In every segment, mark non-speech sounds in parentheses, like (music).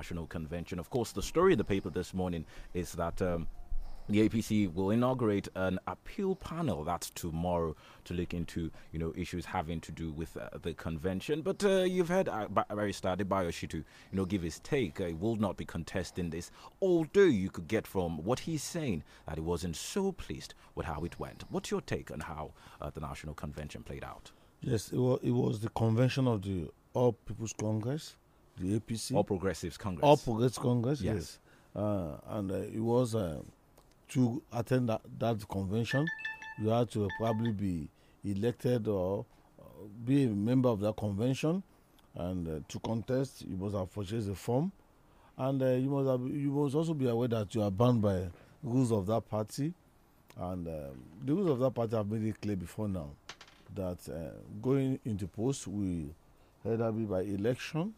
National Convention. Of course, the story in the paper this morning is that. Um, the APC will inaugurate an appeal panel that's tomorrow to look into you know issues having to do with uh, the convention. But uh, you've heard uh, started by Shitu you know give his take. Uh, he will not be contesting this, although you could get from what he's saying that he wasn't so pleased with how it went. What's your take on how uh, the national convention played out? Yes, it was, it was the convention of the All People's Congress the APC. All Progressives Congress. All Progressives Congress, yes. yes. Uh, and uh, it was uh, to attend that, that, convention, you had to probably be elected or be a member of that convention. And to contest, you must have purchased a form. And you, must have, you must also be aware that you are bound by rules of that party. And um, the rules of that party have made it clear before now that uh, going into post will either be by election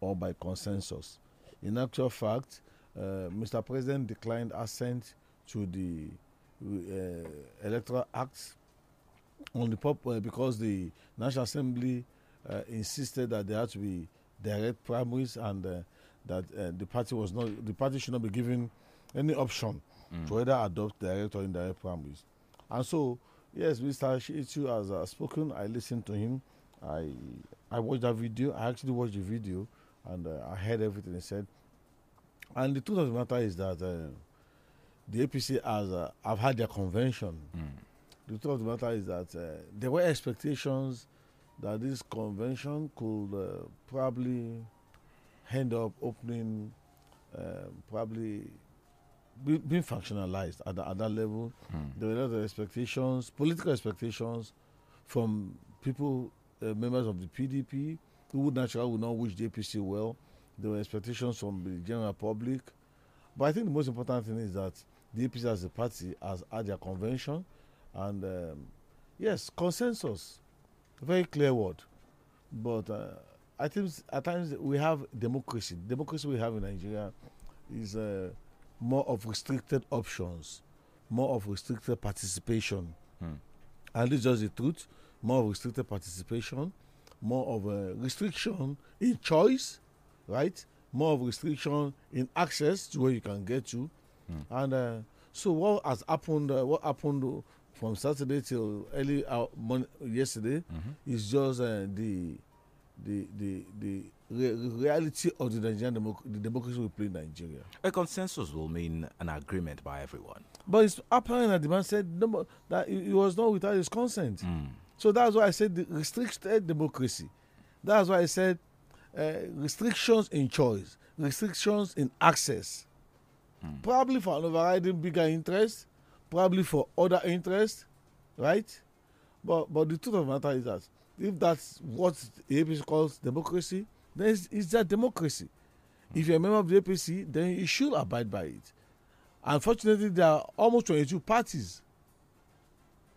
or by consensus. In actual fact, uh, Mr. President declined assent to the uh, Electoral Act on the pop uh, because the National Assembly insisted that there had to be direct primaries and that the party was not the party should not be given any option mm. to either adopt direct or indirect primaries. And so, yes, Mr. Shiitu has uh, spoken. I listened to him. I I watched that video. I actually watched the video and uh, I heard everything he said. And the truth of the matter is that uh, the APC has uh, have had their convention. Mm. The truth of the matter is that uh, there were expectations that this convention could uh, probably end up opening, uh, probably be, being functionalized at, the, at that level. Mm. There were a lot of expectations, political expectations, from people, members of the PDP, who naturally would not wish the APC well. There were expectations from the general public. But I think the most important thing is that the APC as a party has had their convention and um, yes, consensus, very clear word. But uh, I think at times we have democracy. Democracy we have in Nigeria is uh, more of restricted options, more of restricted participation. Hmm. And this is just the truth more of restricted participation more of a restriction in choice, right? More of restriction in access to where you can get to, mm. and uh, so what has happened? Uh, what happened from Saturday till early uh, yesterday mm -hmm. is just uh, the the the the re reality of the Nigerian democ the democracy we play in Nigeria. A consensus will mean an agreement by everyone. But it's apparent that the man said no, that it was not without his consent. Mm. So that's why I said restricted democracy. That's why I said uh, restrictions in choice, restrictions in access. Mm. Probably for an overriding bigger interest, probably for other interests, right? But but the truth of the matter is that if that's what the APC calls democracy, then it's, it's that democracy. Mm. If you're a member of the APC, then you should abide by it. Unfortunately, there are almost 22 parties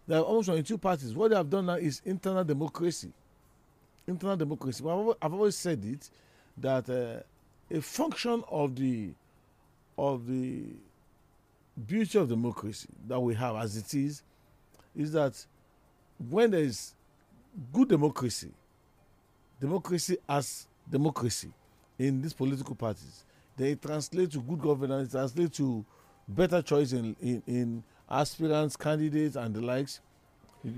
there are almost two parties. What they have done now is internal democracy. Internal democracy. I've always said it that uh, a function of the of the beauty of democracy that we have as it is is that when there is good democracy, democracy as democracy in these political parties, they translate to good governance, translate to better choice in, in, in aspirants, candidates, and the likes.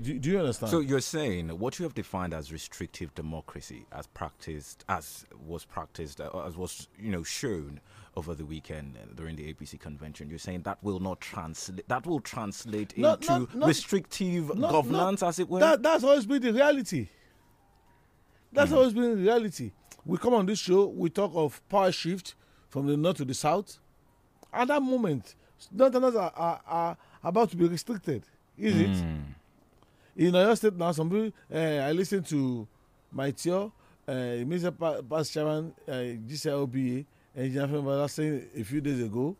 Do, do, you understand? So you're saying what you have defined as restrictive democracy, as practiced, as was practiced, uh, as was you know shown over the weekend during the APC convention. You're saying that will not translate. That will translate not, into not, not, restrictive governance, as it were. That, that's always been the reality. That's mm. always been the reality. We come on this show, we talk of power shift from the north to the south. At that moment, Northerners are, are, are about to be restricted, is mm. it? Hmm. In Oyo State now, some people, uh, I listened to my tio, uh, Mr. Pa- Past Chairman, uh, eh, GCLBA, saying a few days ago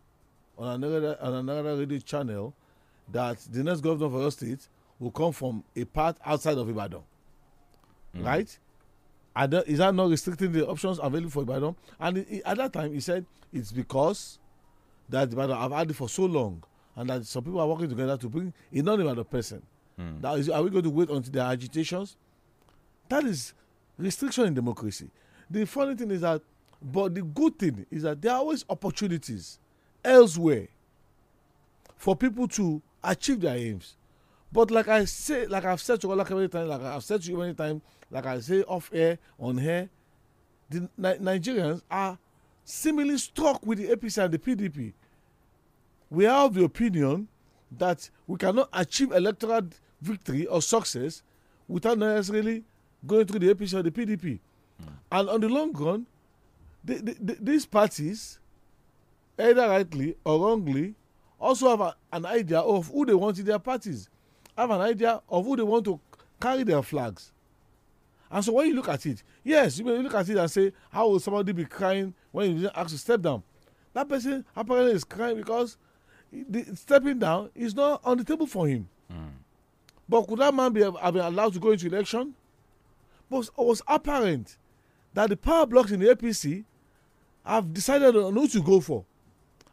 on another, on another radio channel that the next governor of Oyo State will come from a part outside of Ibadan. Mm. Right? Uh, is that not restricting the options available for Ibadan? And it, it, at that time, he said it's because that Ibadan have had it for so long and that some people are working together to bring a non-Ibadan person. Mm. are we going to wait until there are agitations? That is restriction in democracy. The funny thing is that, but the good thing is that there are always opportunities elsewhere for people to achieve their aims. But like I say, like I've said to Olaka many times, like I've said to you many times, like I say off air, on air, the Ni Nigerians are seemingly struck with the APC and the PDP we are of the opinion that we cannot achieve electoral victory or success without necessarily going through the APC or the PDP. Mm. And on the long run, the, the, the, these parties, either rightly or wrongly, also have a, an idea of who they want in their parties, have an idea of who they want to carry their flags. And so when you look at it, yes, you may look at it and say, how will somebody be crying when you didn't ask to step down? That person apparently is crying because the stepping down is not on the table for him. Mm. But could that man be have been allowed to go into election? But it was apparent that the power blocks in the APC have decided on who to go for.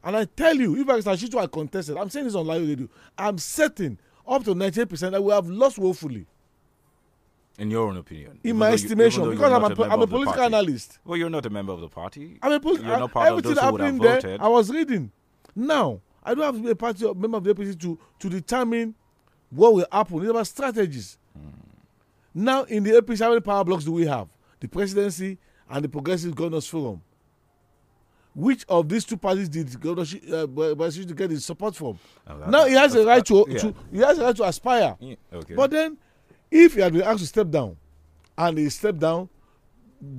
And I tell you, if Akisashitu I contested, I'm saying this on live radio, I'm certain up to 98% that we have lost woefully. In your own opinion, in my estimation, you, because I'm a, a I'm a political analyst. Well, you're not a member of the party. I'm a political. You're not part everything of those who would have voted. I was reading. Now, I don't have to be a party or member of the APC to, to determine what will happen. It's about strategies. Mm. Now, in the APC, how many power blocks do we have? The presidency and the Progressive Governors Forum. Which of these two parties did governorship uh, get his support from? Oh, now he has a right to, yeah. he has a right to aspire. Yeah, okay. But then, if he had been asked to step down, and he stepped down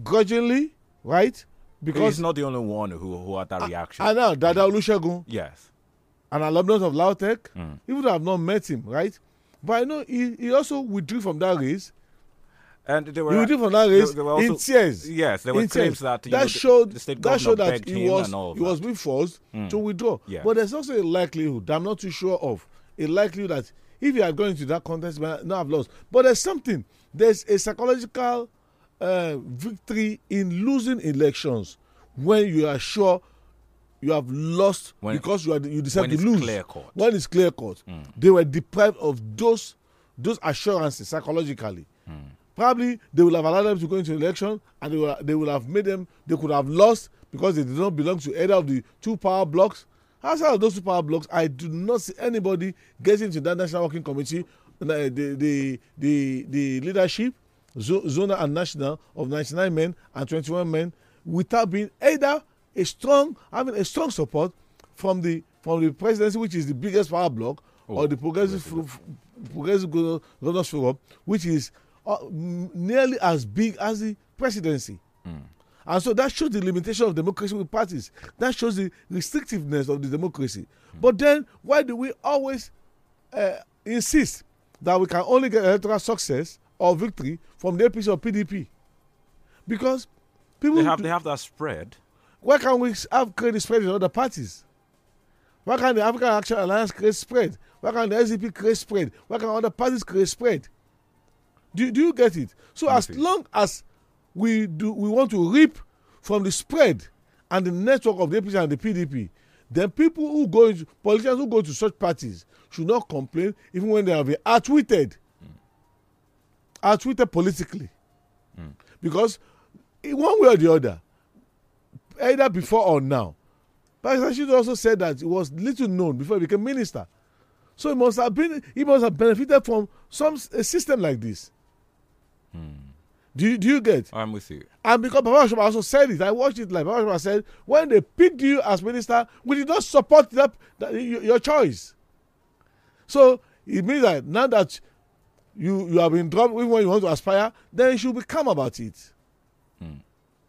grudgingly, right? Because he's not the only one who who had that reaction. I know Dada Olusegun. Yes, an alumnus of Lautech, mm. even I've not met him, right? But I know he, he also withdrew from that race. And they were he withdrew from that race they, they also, in tears. Yes, there were claims that that, know, showed, the state that showed that he was he was being forced mm. to withdraw. Yeah. But there's also a likelihood I'm not too sure of a likelihood that if you are going to that contest, now I've lost. But there's something. There's a psychological uh, victory in losing elections when you are sure you have lost when, because you are you decided to lose. Clear court. When it's clear cut, mm. they were deprived of those those assurances psychologically. Mm. Probably they will have allowed them to go into election, and they will they will have made them. They could have lost because they did not belong to either of the two power blocks. Outside of those two power blocks, I do not see anybody getting to that national working committee, uh, the the the, the leadership, zona and national of 99 men and 21 men, without being either a strong having a strong support from the from the presidency, which is the biggest power block, oh, or the progressive progressive governors forum, which is uh, nearly as big as the presidency. Mm. And so that shows the limitation of democracy with parties. That shows the restrictiveness of the democracy. Mm. But then, why do we always uh, insist that we can only get electoral success or victory from the APC or PDP? Because people they have do, they have that spread why can't we have credit spread with other parties? Why can't the African Action Alliance create spread? Why can't the SDP create spread? Why can't other parties create spread? Do, do you get it? So as long as we do we want to reap from the spread and the network of the APC and the PDP, then people who go into politicians who go to such parties should not complain even when they have been outwitted. Mm. Outwitted politically. Mm. Because in one way or the other, either before or now. Pastor Shitu also said that it was little known before he became minister. So he must have been he must have benefited from some a system like this. Hmm. Do you, do you get? I'm with you. And because Baba Shoma also said it, I watched it like Baba said, when they picked you as minister, we did not support that, that your choice. So it means that now that you you have been dropped, even when you want to aspire, then you should be calm about it. Hmm.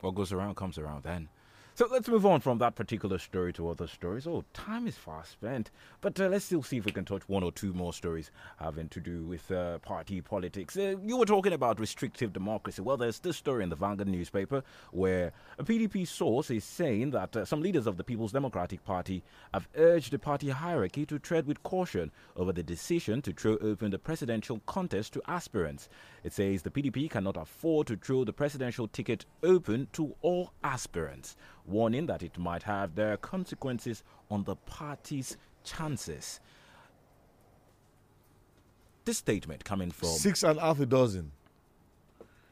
What goes around comes around then. So let's move on from that particular story to other stories. Oh, time is fast spent. But uh, let's still see if we can touch one or two more stories having to do with uh, party politics. Uh, you were talking about restrictive democracy. Well, there's this story in the Vanguard newspaper where a PDP source is saying that uh, some leaders of the People's Democratic Party have urged the party hierarchy to tread with caution over the decision to throw open the presidential contest to aspirants. It says the PDP cannot afford to throw the presidential ticket open to all aspirants warning that it might have their consequences on the party's chances. This statement coming from six and half a dozen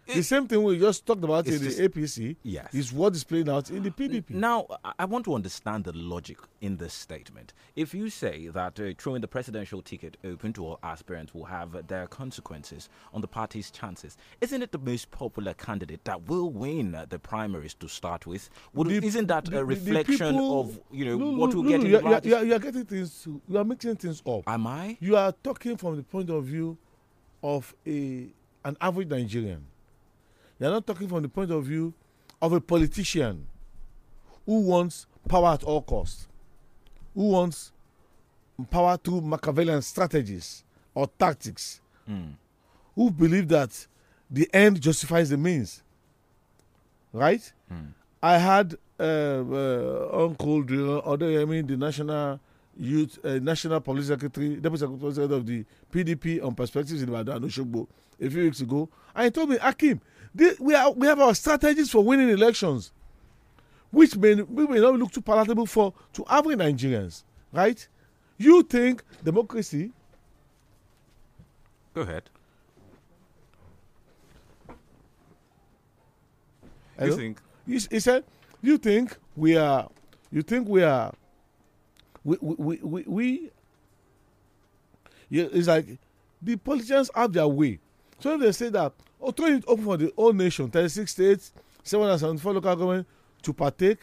the same thing we just talked about in just, the APC yes. is what is playing out in the PDP. Uh, now, I want to understand the logic in this statement. If you say that uh, throwing the presidential ticket open to all aspirants will have uh, their consequences on the party's chances, isn't it the most popular candidate that will win uh, the primaries to start with? Would, the, isn't that the, a reflection people, of you know no, what we we'll no, No, you, are, you are getting things. You are mixing things up. Am I? You are talking from the point of view of a an average Nigerian they're not talking from the point of view of a politician who wants power at all costs, who wants power through Machiavellian strategies or tactics, mm. who believe that the end justifies the means. Right? Mm. I had uh, uh, Uncle the national youth, uh, national police secretary, deputy secretary of the PDP on perspectives in Ibadan a few weeks ago, and he told me, Akim, this, we, are, we have our strategies for winning elections, which may, may not look too palatable for to average Nigerians, right? You think democracy? Go ahead. Hello? You think? he said, "You think we are? You think we are? We we we, we yeah, it's like the politicians have their way. So they say that open for the whole nation thirty-six states seven hundred and seventy-four local government to partake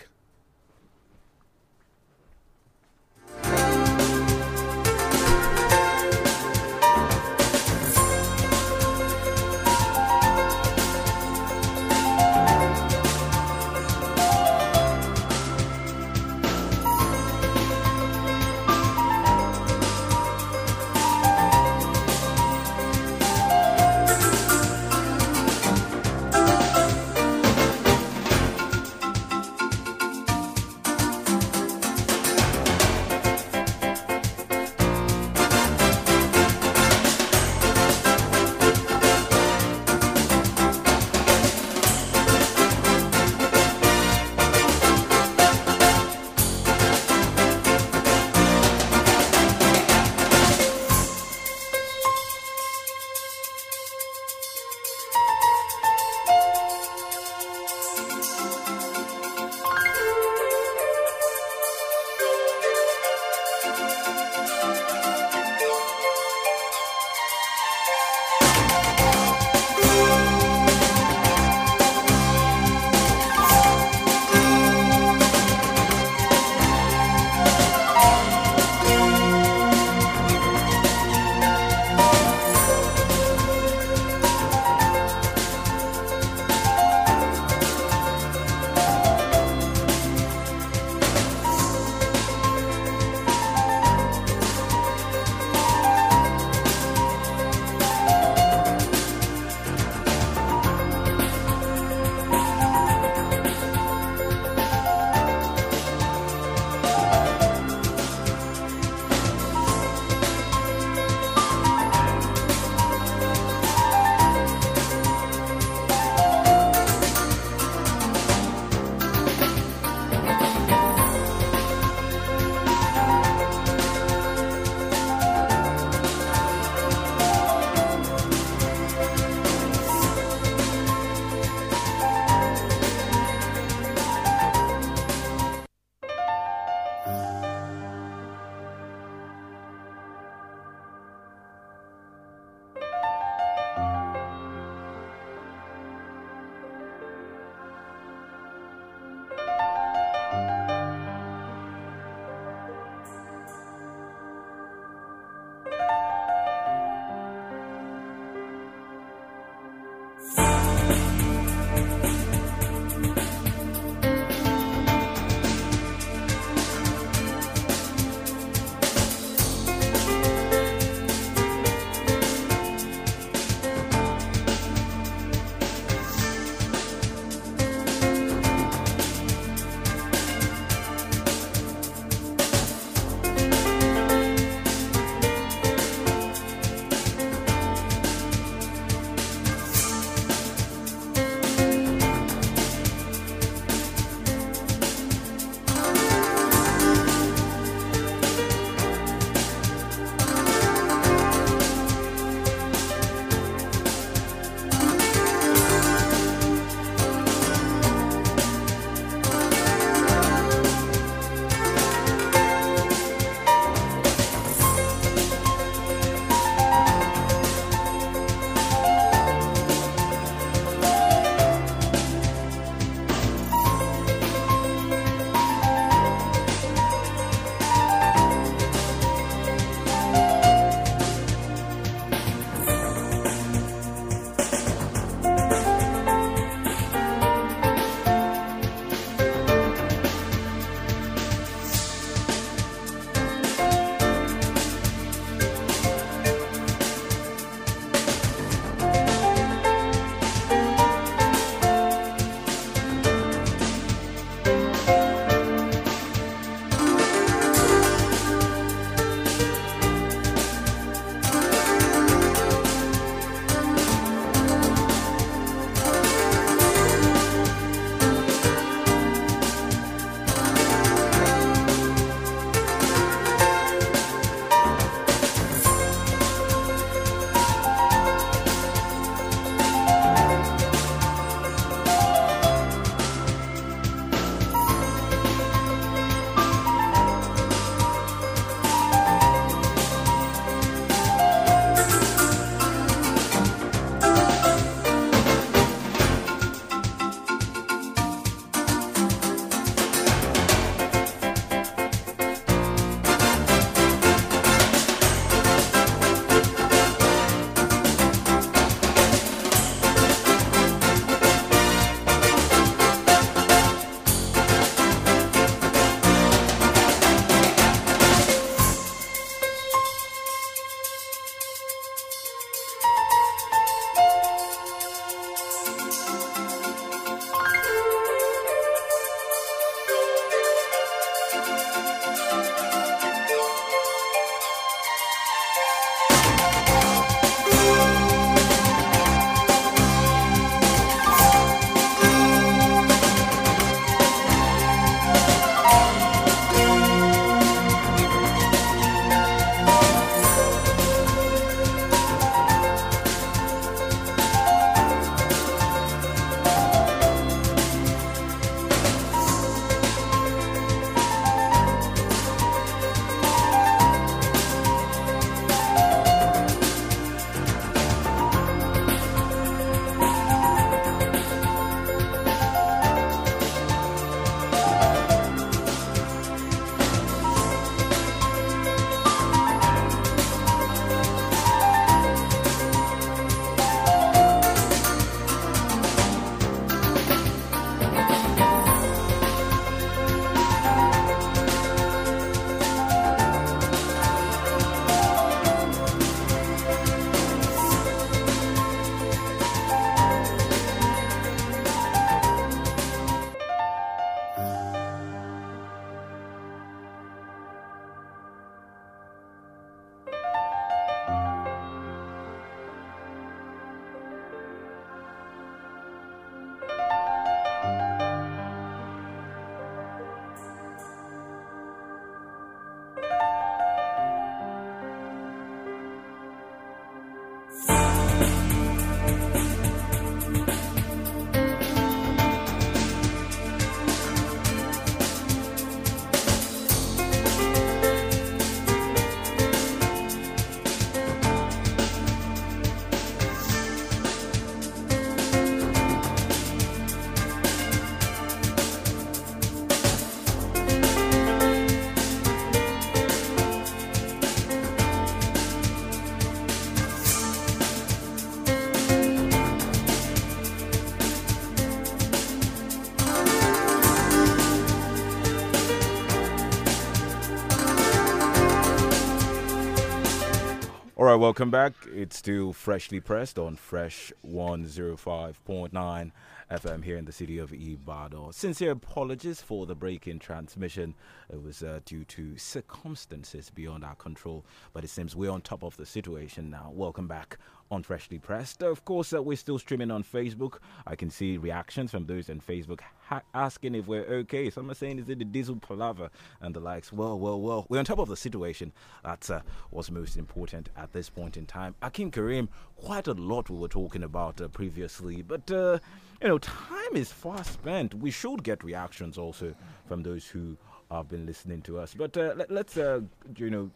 right, welcome back. It's still freshly pressed on Fresh 105.9 FM here in the city of Ibadan. Sincere apologies for the break in transmission. It was uh, due to circumstances beyond our control, but it seems we're on top of the situation now. Welcome back on Freshly Pressed. Of course, uh, we're still streaming on Facebook. I can see reactions from those on Facebook ha- asking if we're okay. Some are saying, is it the diesel palaver and the likes? Well, well, well, we're on top of the situation. That's uh, what's most important at this point in time. Akim Karim, quite a lot we were talking about uh, previously, but uh, you know, time is fast spent. We should get reactions also from those who have been listening to us. But uh, let, us uh, you know,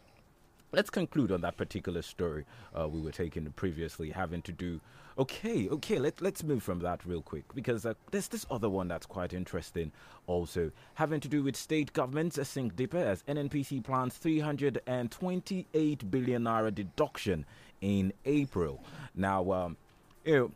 let's conclude on that particular story uh, we were taking previously, having to do. Okay, okay, let, let's move from that real quick because uh, there's this other one that's quite interesting also, having to do with state governments sink deeper as NNPC plans 328 billion naira deduction in April. Now, um, you know,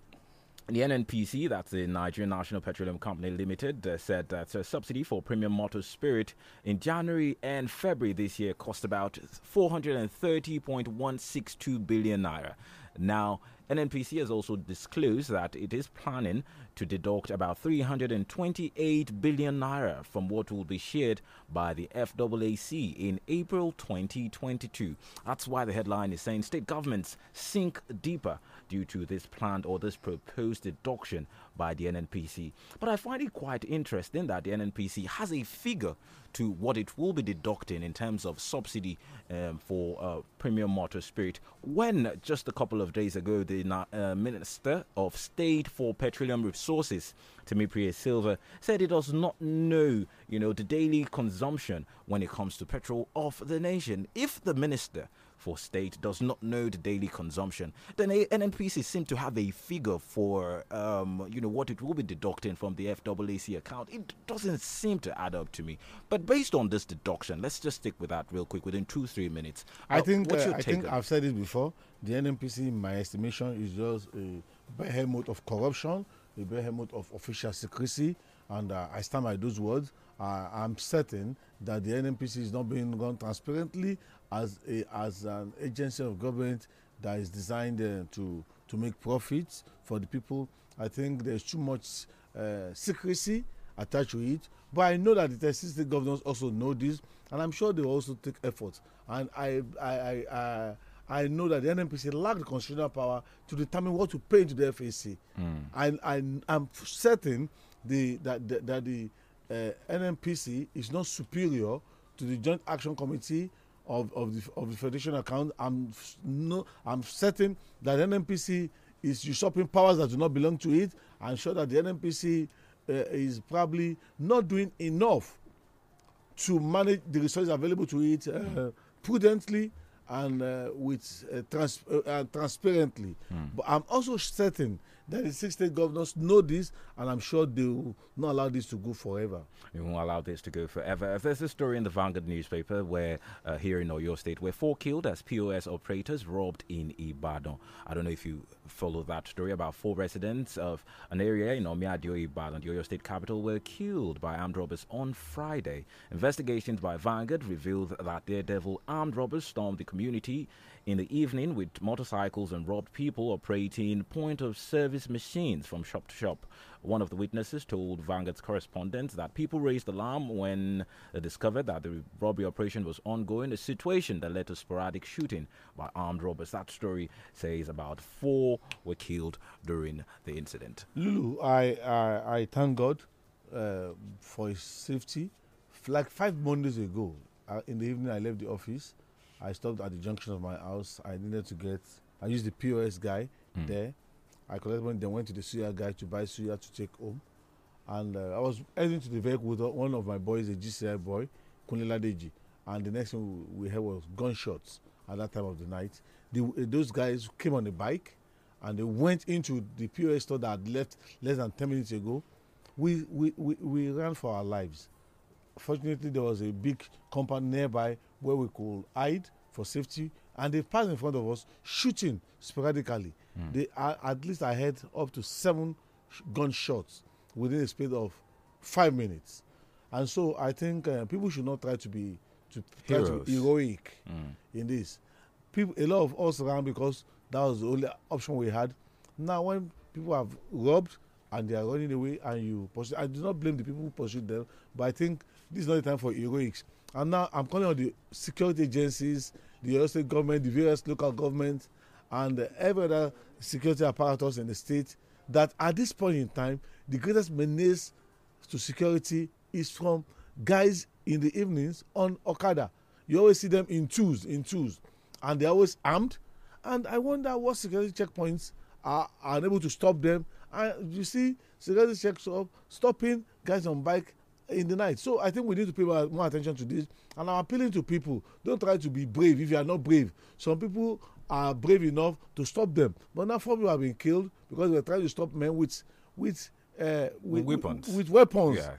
the NNPC, that's the Nigerian National Petroleum Company Limited, uh, said that a subsidy for premium motor spirit in January and February this year cost about 430.162 billion naira. Now, NNPC has also disclosed that it is planning to deduct about 328 billion naira from what will be shared by the FAAC in April 2022. That's why the headline is saying state governments sink deeper due to this planned or this proposed deduction by the NNPC. But I find it quite interesting that the NNPC has a figure to what it will be deducting in terms of subsidy um, for uh, premium motor spirit. When just a couple of days ago, the uh, Minister of State for Petroleum Resources sources, Timmy Priya Silva said he does not know, you know, the daily consumption when it comes to petrol of the nation. If the minister for state does not know the daily consumption, then NNPC seem to have a figure for, um, you know, what it will be deducting from the FWAAC account. It doesn't seem to add up to me. But based on this deduction, let's just stick with that real quick within two, three minutes. I uh, think, what's uh, your uh, I think I've said it before. The NNPC, in my estimation, is just a behemoth of corruption a behemoth of official secrecy, and uh, I stand by those words. Uh, I'm certain that the NNPC is not being run transparently as a, as an agency of government that is designed uh, to to make profits for the people. I think there's too much uh, secrecy attached to it. But I know that the existing state governors also know this, and I'm sure they will also take efforts. And I, I, I, I I know that the NNPC lacked constitutional power to determine what to pay into the FAC. Mm. I, am certain the, that, that, that the uh, NNPC is not superior to the Joint Action Committee of, of, the, of the Federation account. I'm, no, I'm certain that NNPC is usurping powers that do not belong to it. I'm sure that the NNPC uh, is probably not doing enough to manage the resources available to it uh, prudently and uh, with uh, trans uh, transparently. Mm. But I'm also certain that the six state governors know this, and I'm sure they will not allow this to go forever. They won't allow this to go forever. There's a story in the Vanguard newspaper where uh, here in Oyo State, where four killed as POS operators robbed in Ibadan. I don't know if you follow that story about four residents of an area in Omiadio, Ibadan, the Oyo State capital, were killed by armed robbers on Friday. Investigations by Vanguard revealed that daredevil armed robbers stormed the community in the evening with motorcycles and robbed people operating point of service machines from shop to shop. One of the witnesses told Vanguard's correspondent that people raised alarm when they discovered that the robbery operation was ongoing, a situation that led to sporadic shooting by armed robbers. That story says about four were killed during the incident. Lulu, I, I, I thank God uh, for his safety. Like five Mondays ago, uh, in the evening, I left the office I stopped at the junction of my house. I needed to get. I used the POS guy mm. there. I collected money. Then went to the suya guy to buy suya to take home. And uh, I was heading to the vehicle with one of my boys, a GCI boy, Kunila Deji. And the next thing we heard was gunshots at that time of the night. The, uh, those guys came on a bike, and they went into the POS store that had left less than ten minutes ago. We we we, we ran for our lives fortunately, there was a big compound nearby where we could hide for safety, and they passed in front of us, shooting sporadically. Mm. They are at least I heard up to seven gunshots within a space of five minutes, and so I think uh, people should not try to be to try to be heroic mm. in this. People, a lot of us ran because that was the only option we had. Now, when people have robbed and they are running away, and you pursue, I do not blame the people who pursued them, but I think this is not the time for heroics and now i'm calling on the security agencies the US state government the various local governments and uh, every other security apparatus in the state that at this point in time the greatest menace to security is from guys in the evenings on okada you always see them in twos in twos and they're always armed and i wonder what security checkpoints are, are unable to stop them and you see security checks stopping guys on bike in the night. So I think we need to pay more attention to this. And I'm appealing to people don't try to be brave if you are not brave. Some people are brave enough to stop them. But now four people have been killed because they're trying to stop men with with uh, with weapons. With, weapons. Yes.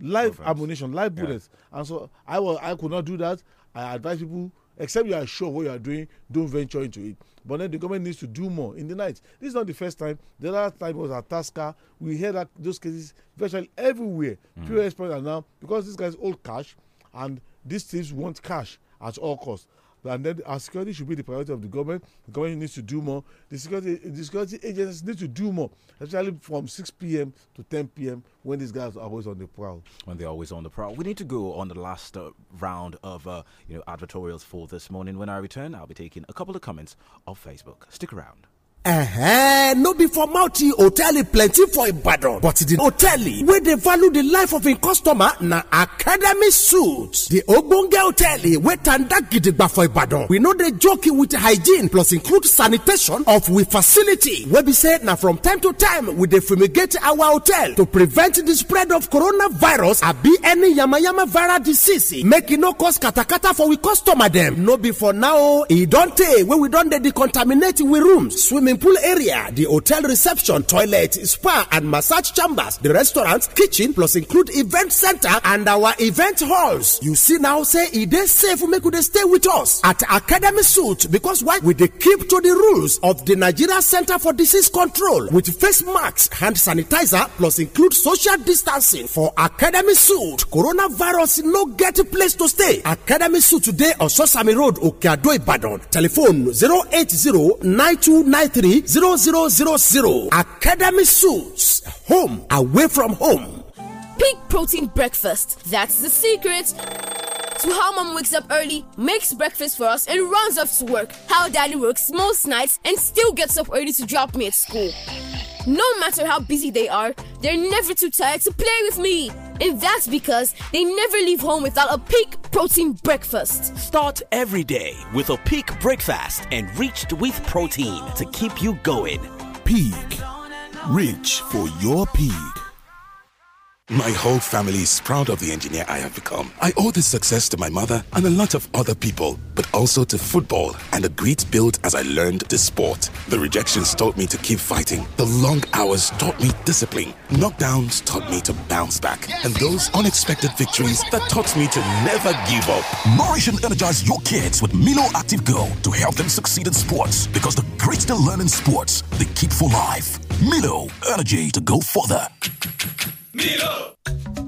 Live weapons. ammunition, live bullets. Yes. And so I was I could not do that. I advise people except you are sure what you are doing don't venture into it but then the government needs to do more in the night this is not the first time the last time was at atasca we hear that those cases virtually everywhere mm. pos -hmm. now because these guys hold cash and these thieves want cash at all costs and then our security should be the priority of the government. The government needs to do more. The security, the security agencies need to do more, especially from 6 p.m. to 10 p.m. when these guys are always on the prowl. When they're always on the prowl. We need to go on the last uh, round of uh, you know advertorials for this morning. When I return, I'll be taking a couple of comments off Facebook. Stick around. Uh-huh. no be for mouthie hotel plenty for ibadan but di hotel where they value the life of a customer na academy suits the ogbonge hotel wey tanda gidigba for ibadan we know they joke with hygiene plus include sanitation of we facility We be say na from time to time we dey fumigate our hotel to prevent the spread of coronavirus abi any yamayama viral disease make e no cause katakata for we customer them. no be for now don't tey where we don't decontaminate we rooms swimming swimming pool area, the hotel reception, toilet, spa, and massage chambers, the restaurant, kitchen, plus include event center and our event halls. You see now, say it is safe make they stay with us at Academy Suit because why? We they keep to the rules of the Nigeria Center for Disease Control with face masks, hand sanitizer, plus include social distancing for Academy Suit. Coronavirus no get place to stay. Academy Suit today on Sosami Road, Okeado, Ibadan. Telephone 080 9293 three zero zero zero zero Academy Suits, home away from home. Pig protein breakfast. That's the secret to how mom wakes up early, makes breakfast for us, and runs off to work. How daddy works most nights and still gets up early to drop me at school. No matter how busy they are, they're never too tired to play with me. And that's because they never leave home without a peak protein breakfast. Start every day with a peak breakfast enriched with protein to keep you going. Peak. Rich for your peak. My whole family is proud of the engineer I have become. I owe this success to my mother and a lot of other people, but also to football and the great build as I learned the sport. The rejections taught me to keep fighting. The long hours taught me discipline. Knockdowns taught me to bounce back. And those unexpected victories that taught me to never give up. Nourish and energize your kids with Milo Active Go to help them succeed in sports because the greats they learn in sports, they keep for life. Milo, energy to go further. Milo!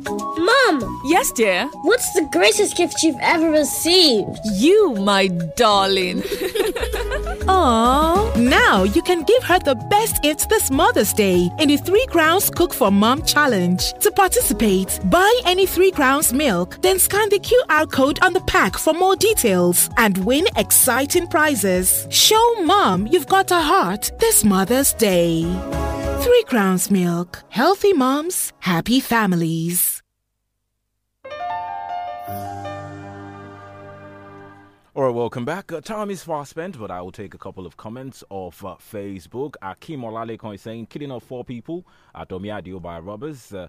Mom! Yes, dear? What's the greatest gift you've ever received? You, my darling. (laughs) Aww. Now you can give her the best gift this Mother's Day in the Three Crowns Cook for Mom Challenge. To participate, buy any Three Crowns milk, then scan the QR code on the pack for more details and win exciting prizes. Show Mom you've got a heart this Mother's Day. Three Crowns Milk. Healthy moms, happy families. All right, welcome back. Uh, time is far spent, but I will take a couple of comments off uh, Facebook. Akim Olalekan is saying, killing of four people at Omiadio by robbers uh,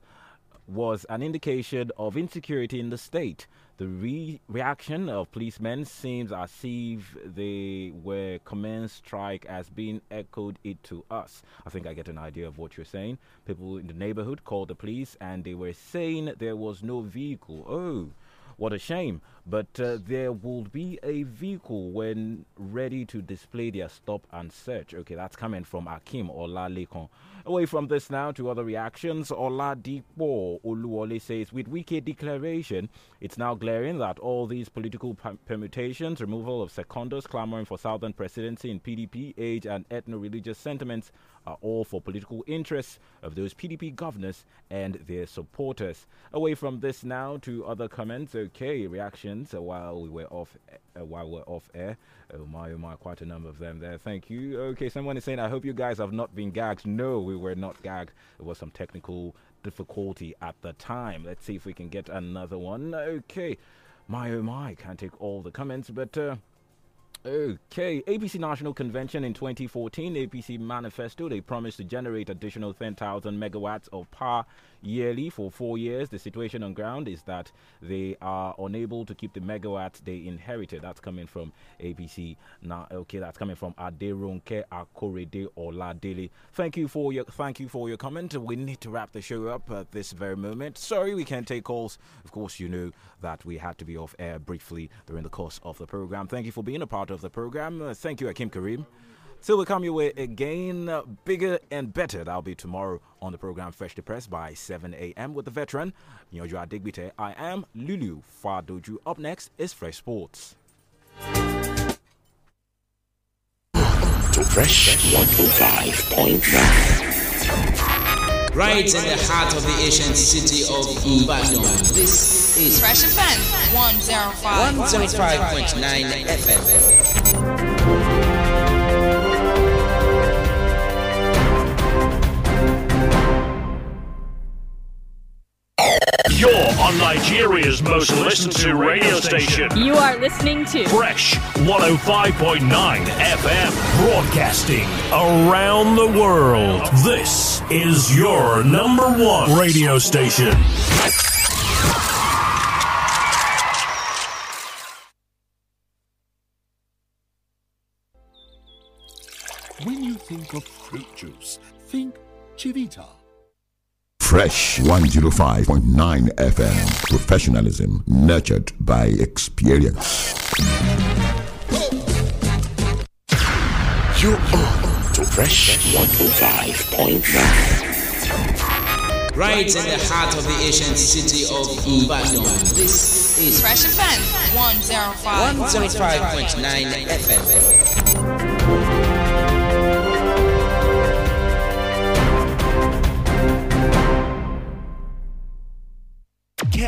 was an indication of insecurity in the state. The re- reaction of policemen seems as if they were commenced strike as being echoed it to us. I think I get an idea of what you're saying. People in the neighborhood called the police and they were saying there was no vehicle. Oh, what a shame. But uh, there will be a vehicle when ready to display their stop and search. Okay, that's coming from Akim or La Lekon. Away from this now to other reactions, Oladipo Oluwole says, with wicked declaration, it's now glaring that all these political permutations, removal of secondos, clamoring for Southern presidency in PDP, age and ethno-religious sentiments are all for political interests of those PDP governors and their supporters. Away from this now to other comments, okay, reactions uh, while we were off uh, while we're off air. Oh my, oh my, quite a number of them there. Thank you. Okay, someone is saying, I hope you guys have not been gagged. No, we were not gagged. It was some technical difficulty at the time. Let's see if we can get another one. Okay, my oh my, can't take all the comments, but. Uh, Okay, APC National Convention in 2014, APC manifesto, they promised to generate additional 10,000 megawatts of power yearly for four years. The situation on ground is that they are unable to keep the megawatts they inherited. That's coming from APC. Now, okay, that's coming from Aderonke Akorede Oladele. Thank you for your thank you for your comment. We need to wrap the show up at this very moment. Sorry, we can't take calls. Of course, you know that we had to be off air briefly during the course of the program. Thank you for being a part of the program. Uh, thank you, Akim Karim. Still, we come your way again, bigger and better. That'll be tomorrow on the program Fresh Depressed by 7 a.m. with the veteran Nyojua Digbite. I am Lulu Fadoju. Up next is Fresh Sports. To Fresh 105.9. Right in the heart of the ancient city of Ibadan, this is Fresh Offense 105.9 FM. on Nigeria's most listened to radio station. You are listening to Fresh 105.9 FM, broadcasting around the world. This is your number one radio station. When you think of fruit juice, think Chivita Fresh 105.9 FM. Professionalism nurtured by experience. You're on to Fresh 105.9. Right in the heart of the ancient city of Ibadan. This is Fresh FM 105.9 FM.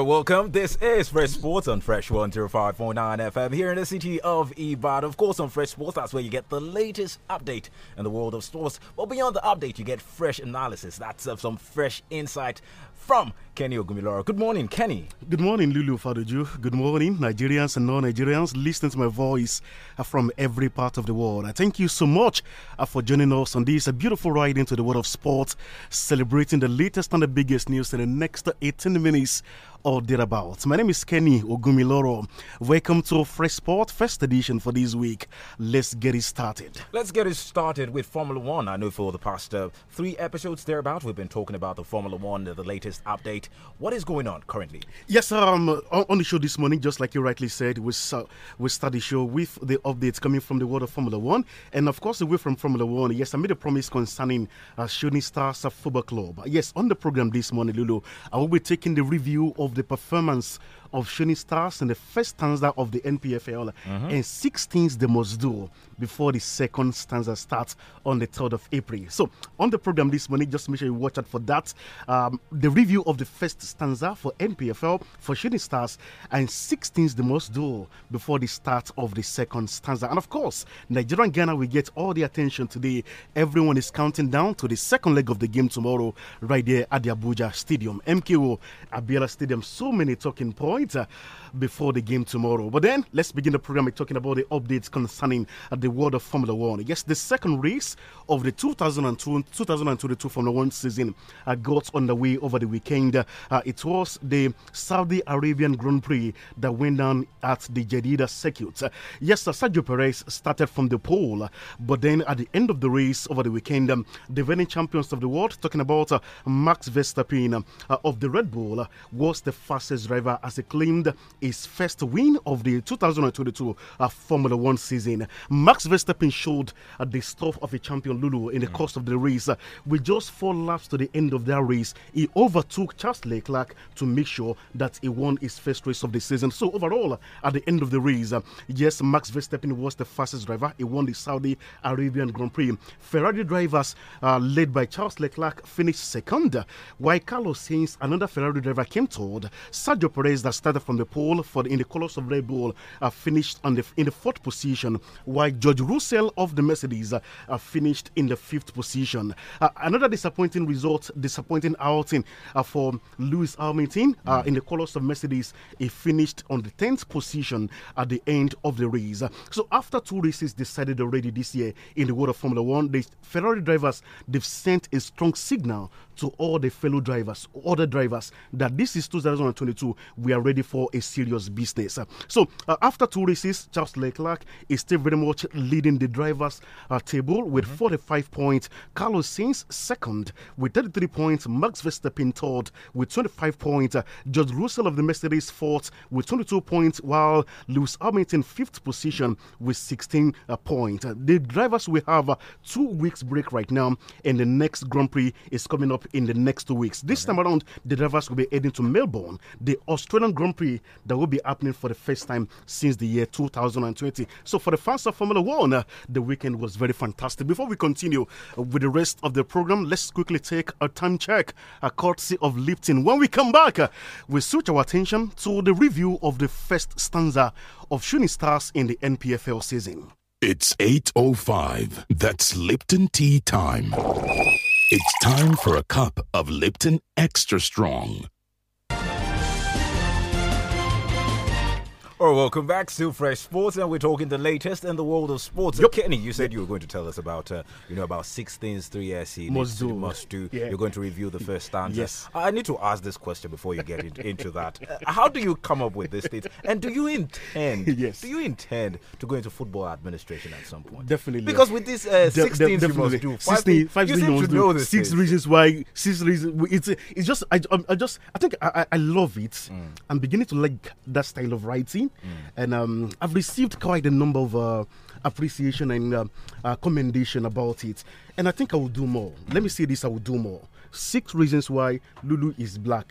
welcome. This is Fresh Sports on Fresh 105.9 FM here in the city of Ibadan. Of course, on Fresh Sports, that's where you get the latest update in the world of sports. But beyond the update, you get fresh analysis. That's uh, some fresh insight from Kenny Ogumiloro. Good morning, Kenny. Good morning, Lulu Fadoju. Good morning, Nigerians and non-Nigerians listening to my voice uh, from every part of the world. I thank you so much uh, for joining us on this uh, beautiful ride into the world of sports, celebrating the latest and the biggest news in the next 18 minutes or thereabouts. My name is Kenny Ogumiloro. Welcome to Fresh Sport First Edition for this week. Let's get it started. Let's get it started with Formula One. I know for the past uh, three episodes thereabout, we've been talking about the Formula One, the latest update. What is going on currently? Yes, um, on the show this morning, just like you rightly said, we, uh, we start the show with the updates coming from the world of Formula One. And of course, away from Formula One, yes, I made a promise concerning uh, Shooting Stars Football Club. Yes, on the program this morning, Lulu, I will be taking the review of of the performance of Shooting Stars in the first stanza of the NPFL mm uh-huh. -hmm. and six things they must do before the second stanza starts on the 3rd of April. So, on the program this morning, just make sure you watch out for that. Um, the review of the first stanza for NPFL for Shooting Stars and six things they must do before the start of the second stanza. And of course, Nigeria and Ghana will get all the attention today. Everyone is counting down to the second leg of the game tomorrow, right there at the Abuja Stadium. MKO Abiola Stadium. So many talking points uh, before the game tomorrow. But then let's begin the program by talking about the updates concerning uh, the world of Formula One. Yes, the second race of the 2002, 2022 Formula One season uh, got underway over the weekend. Uh, it was the Saudi Arabian Grand Prix that went down at the Jeddah circuit. yes, Sergio Perez started from the pole, but then at the end of the race over the weekend, um, the reigning champions of the world, talking about uh, Max Verstappen uh, of the Red Bull, uh, was the fastest driver as a claimed his first win of the 2022 uh, Formula One season. Max Verstappen showed uh, the stuff of a champion Lulu in the mm. course of the race. Uh, with just four laps to the end of that race, he overtook Charles Leclerc to make sure that he won his first race of the season. So, overall, uh, at the end of the race, uh, yes, Max Verstappen was the fastest driver. He won the Saudi Arabian Grand Prix. Ferrari drivers, uh, led by Charles Leclerc, finished second, while Carlos Sainz, another Ferrari driver, came third. Sergio Perez, that's started from the pole for in the colors of Red Bull uh, finished on the in the fourth position, while George Russell of the Mercedes uh, uh finished in the fifth position. Uh, another disappointing result, disappointing outing uh, for Lewis Hamilton mm. in the colors of Mercedes. He finished on the tenth position at the end of the race. So after two races decided already this year in the world of Formula One, the Ferrari drivers they've sent a strong signal to all the fellow drivers, other drivers, that this is 2022. We are ready for a serious business. So uh, after two races, Charles Leclerc is still very much leading the drivers' uh, table with mm -hmm. 45 points. Carlos Sainz second with 33 points. Max Verstappen third with 25 points. Uh, George Russell of the Mercedes fourth with 22 points, while Lewis Hamilton fifth position with 16 uh, points. the drivers will have uh, two weeks break right now, and the next Grand Prix is coming up up in the next two weeks. This okay. time around, the drivers will be heading to Melbourne, the Australian Grand Prix that will be happening for the first time since the year 2020. So for the fans of Formula One, uh, the weekend was very fantastic. Before we continue uh, with the rest of the program, let's quickly take a time check, a uh, courtesy of Lipton. When we come back, uh, we switch our attention to the review of the first stanza of Shooting Stars in the NPFL season. It's 8.05. That's Lipton Tea Time. It's time for a cup of Lipton Extra Strong. All right, welcome back. to fresh sports, and we're talking the latest in the world of sports. Yep. Kenny, you said you were going to tell us about, uh, you know, about six things three SC must do. Must do. Yeah. You're going to review the first (laughs) stanza. Yes. I need to ask this question before you get in, into that. Uh, how do you come up with these things, and do you intend? (laughs) yes. Do you intend to go into football administration at some point? Definitely. Because with these uh, six de- things you must do, five, five you seem to know this. Six thing. reasons why. Six reasons. It's it's just I, I just I think I, I love it. Mm. I'm beginning to like that style of writing. Mm. and um, I've received quite a number of uh, appreciation and uh, uh, commendation about it. And I think I will do more. Let me say this: I will do more. Six reasons why Lulu is black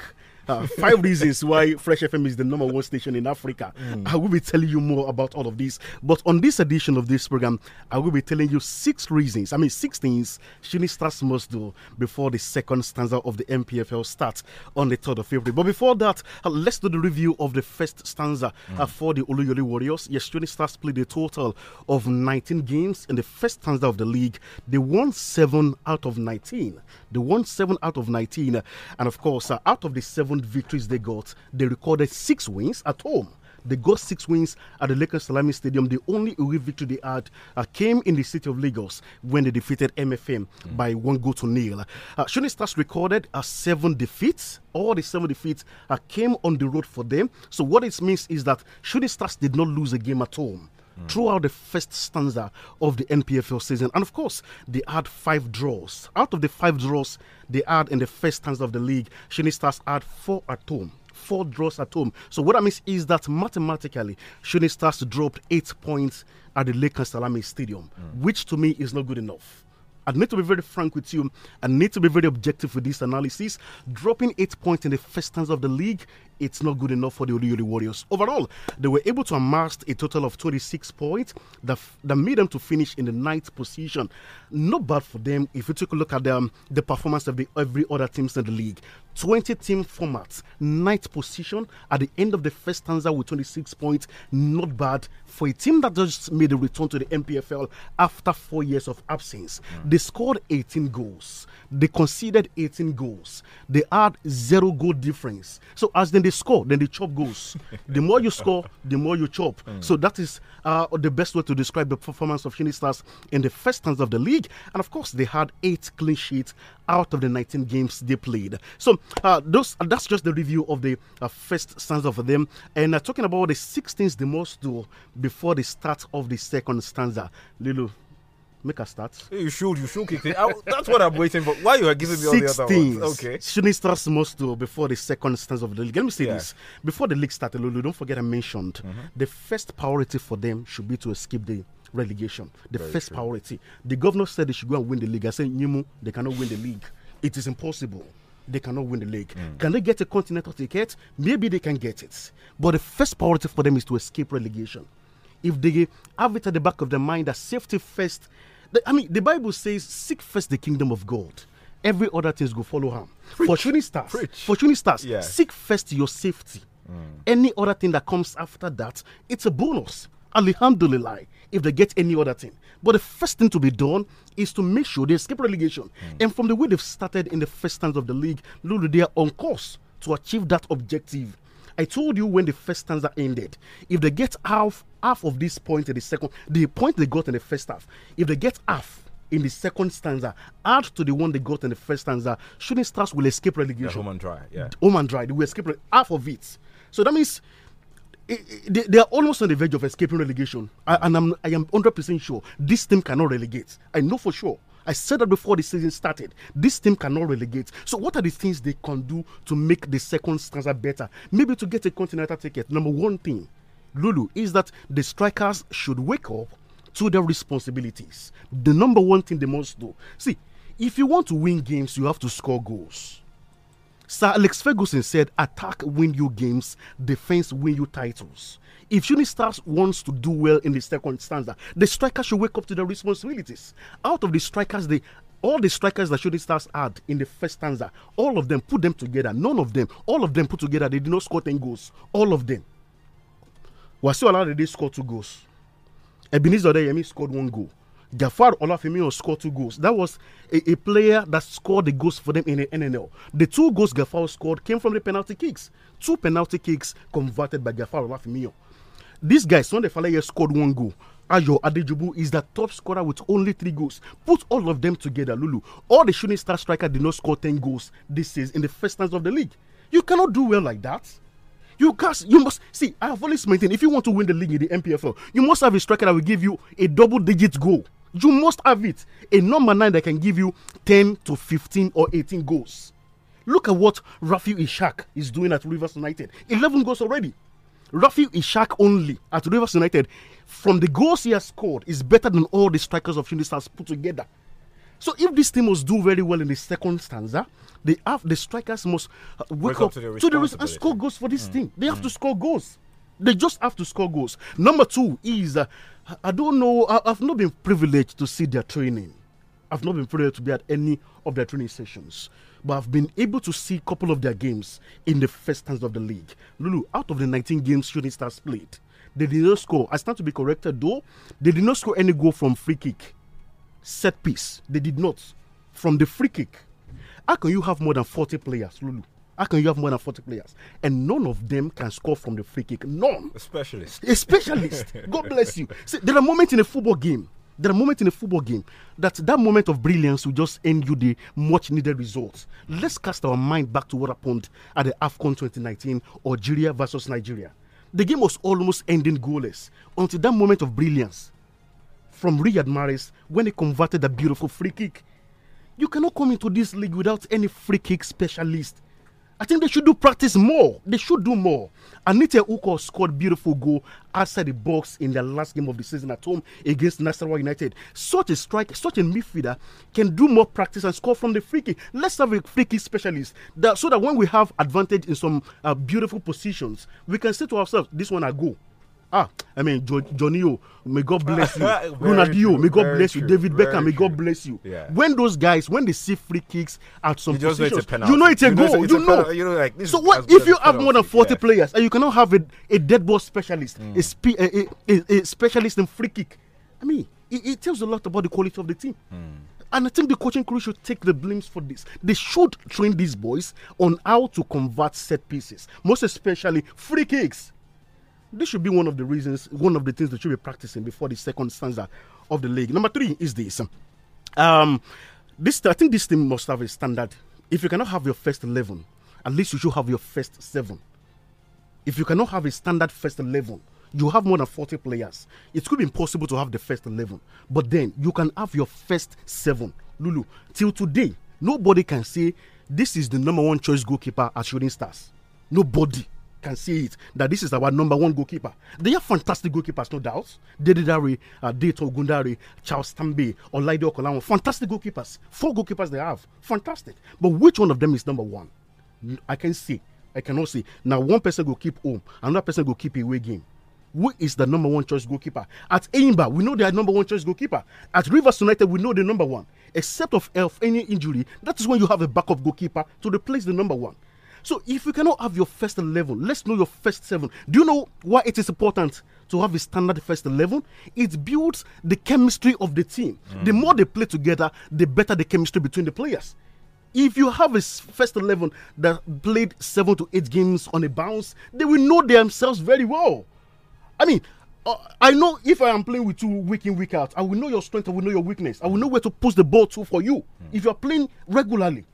uh, five reasons why Fresh FM is the number one station in Africa. Mm. I will be telling you more about all of this. But on this edition of this program, I will be telling you six reasons, I mean, six things shooting stars must do before the second stanza of the MPFL starts on the 3rd of February. But before that, uh, let's do the review of the first stanza mm. Uh, for the Oluyole Warriors. Yes, shooting stars played a total of 19 games in the first stanza of the league. They won seven out of 19. They won seven out of 19. And of course, uh, out of the seven seven victories they got. They recorded six wins at home. They got six wins at the Lakers Salami Stadium. The only away victory they had uh, came in the city of Lagos when they defeated MFM mm. by one goal to nil. Uh, Shooting Stars recorded uh, seven defeats. All the seven defeats uh, came on the road for them. So what it means is that Shooting Stars did not lose a game at home throughout the first stanza of the NPFL season. And of course, they had five draws. Out of the five draws they had in the first stanza of the league, Shini Stars had four at home four draws at home. So what I mean is that mathematically, Shooting Stars dropped eight points at the Lake Salami Stadium, mm. which to me is not good enough. I need to be very frank with you. I need to be very objective with this analysis. Dropping eight points in the first stands of the league, it's not good enough for the Oluyori Warriors. Overall, they were able to amass a total of 26 points that, that made them to finish in the ninth position. Not bad for them if you take a look at um, the performance of the, every other teams in the league. 20 team format, ninth position at the end of the first stanza with 26 points. Not bad for a team that just made a return to the MPFL after four years of absence. Mm. They scored 18 goals, they conceded 18 goals, they had zero goal difference. So, as then they score, then they chop goals. (laughs) the more you score, the more you chop. Mm. So, that is uh, the best way to describe the performance of Shinny Stars in the first stanza of the league. And of course, they had eight clean sheets out of the 19 games they played. So, uh, those uh, that's just the review of the uh, first stanza for them. And uh, talking about the six things they must do before the start of the second stanza, Lulu. Make a start. You should. You should kick it. I, that's what I'm waiting for. Why you are giving me all the other things ones? Okay. start must do before the second stanza of the league. Let me say yeah. this: before the league started, Lulu, don't forget I mentioned mm -hmm. the first priority for them should be to escape the relegation. The Very first true. priority. The governor said they should go and win the league. I said, Nimu, they cannot win the league. It is impossible they cannot win the league. Mm. Can they get a continental ticket? Maybe they can get it. But the first priority for them is to escape relegation. If they have it at the back of their mind that safety first, the, I mean, the Bible says, seek first the kingdom of God. Every other things will follow him. Fortune For stars, fortune stars, yeah. seek first your safety. Mm. Any other thing that comes after that, it's a bonus. Alhamdulillah if they get any other thing. But the first thing to be done is to make sure they escape relegation. Mm. And from the way they've started in the first stands of the league, Lulu, they are on course to achieve that objective. I told you when the first stanza ended, if they get half half of this point in the second, the point they got in the first half, if they get half in the second stanza, add to the one they got in the first stanza, shooting stars will escape relegation. Yeah, home and dry, yeah. Home and dry, they will escape half of it. So that means they, they are almost on the verge of escaping relegation. I, and I'm, I am 100% sure this team cannot relegate. I know for sure. I said that before the season started. This team cannot relegate. So, what are the things they can do to make the second stanza better? Maybe to get a continental ticket. Number one thing, Lulu, is that the strikers should wake up to their responsibilities. The number one thing they must do. See, if you want to win games, you have to score goals. Sir Alex Ferguson said, attack win you games, defense win you titles. If Unistars wants to do well in the second stanza, the strikers should wake up to their responsibilities. Out of the strikers, they all the strikers that Shooting Stars had in the first stanza, all of them put them together. None of them, all of them put together, they did not score 10 goals. All of them. allowed to score two goals. Ebenezer Odeyemi scored one goal. Jafar Olafimio scored two goals. That was a, a, player that scored the goals for them in the NNL. The two goals Jafar scored came from the penalty kicks. Two penalty kicks converted by Jafar Olafimio. This guy, Sunday Faleye, scored one goal. Ayo Adejubu is the top scorer with only three goals. Put all of them together, Lulu. All the shooting star striker did not score 10 goals this season in the first instance of the league. You cannot do well like that. You guys, you must see. I have always maintained if you want to win the league in the MPFL, you must have a striker that will give you a double digit goal. You must have it. A number nine that can give you 10 to 15 or 18 goals. Look at what Rafi Ishak is doing at Rivers United. 11 goals already. Rafi Ishak only at Rivers United, from the goals he has scored, is better than all the strikers of Shooting Stars put together. So if this team must do very well in the second stanza, they have the strikers must uh, wake, wake up, up, to the, to the and score goals for this mm. team. They have mm. to hmm. score goals. They just have to score goals. Number two is uh, I don't know. I, have not been privileged to see their training. I've not been privileged to be at any of their training sessions, but I've been able to see a couple of their games in the first stands of the league. Lulu, out of the 19 games Shooting Stars played, they did not score. I stand to be corrected though. They did not score any goal from free kick, set piece. They did not from the free kick. How can you have more than 40 players, Lulu? How can you have more than 40 players? And none of them can score from the free kick. None. A specialist. A specialist. God bless you. (laughs) See, there are moments in a football game. There are moments in a football game that that moment of brilliance will just end you the much needed results. Let's cast our mind back to what happened at the AFCON 2019, Algeria versus Nigeria. The game was almost ending goalless until that moment of brilliance from Riyad Mahrez when he converted a beautiful free kick. You cannot come into this league without any free kick specialist. I think they should do practice more. They should do more. Anita Uko scored beautiful goal outside the box in the last game of the season at home against Nasarawa United. Such a striker, such a midfielder can do more practice and score from the free kick. Let's have a free kick specialist that, so that when we have advantage in some uh, beautiful positions, we can say to ourselves, this one I go. Ah, I mean, jo Johnny O, may God bless you. (laughs) Ronaldinho, may God bless you. David Beckham, may God bless you. Yeah. When those guys, when they see free kicks at some you positions, know you know it's a you goal. Know it's a, you, know. you know. Like, so what if you have more than 40 yeah. players and you cannot have a, a dead ball specialist, mm. a, a, a, specialist in free kick? I mean, it, it, tells a lot about the quality of the team. Mm. And I think the coaching crew should take the blames for this. They should train these boys on how to convert set pieces, most especially free kicks. This should be one of the reasons, one of the things that should be practicing before the second stanza of the league. Number three is this. Um, this I think this team must have a standard. If you cannot have your first eleven, at least you should have your first seven. If you cannot have a standard first eleven, you have more than 40 players. It could be impossible to have the first 11, but then you can have your first seven. Lulu, till today, nobody can say this is the number one choice goalkeeper at Shooting Stars. Nobody can see it that this is our number one goalkeeper. They are fantastic goalkeepers, no doubt. Dedidari, uh, Deto Gundari, Charles Tambi, Olaide Okolawon, fantastic goalkeepers. Four goalkeepers they have, fantastic. But which one of them is number one? I can see. I cannot see. Now one person will keep home, another person will keep away game. Who is the number one choice goalkeeper? At Aimba, we know they are number one choice goalkeeper. At Rivers United, we know the number one. Except of, of any injury, that is when you have a backup goalkeeper to replace the number one. So if you cannot have your first 11, let's know your first seven. Do you know why it is important to have a standard first 11? It builds the chemistry of the team. Mm. The more they play together, the better the chemistry between the players. If you have a first 11 that played seven to eight games on a bounce, they will know themselves very well. I mean, uh, I know if I am playing with you week in, week out, I will know your strength, I will know your weakness, I will know where to push the ball to for you. Mm. If you are playing regularly,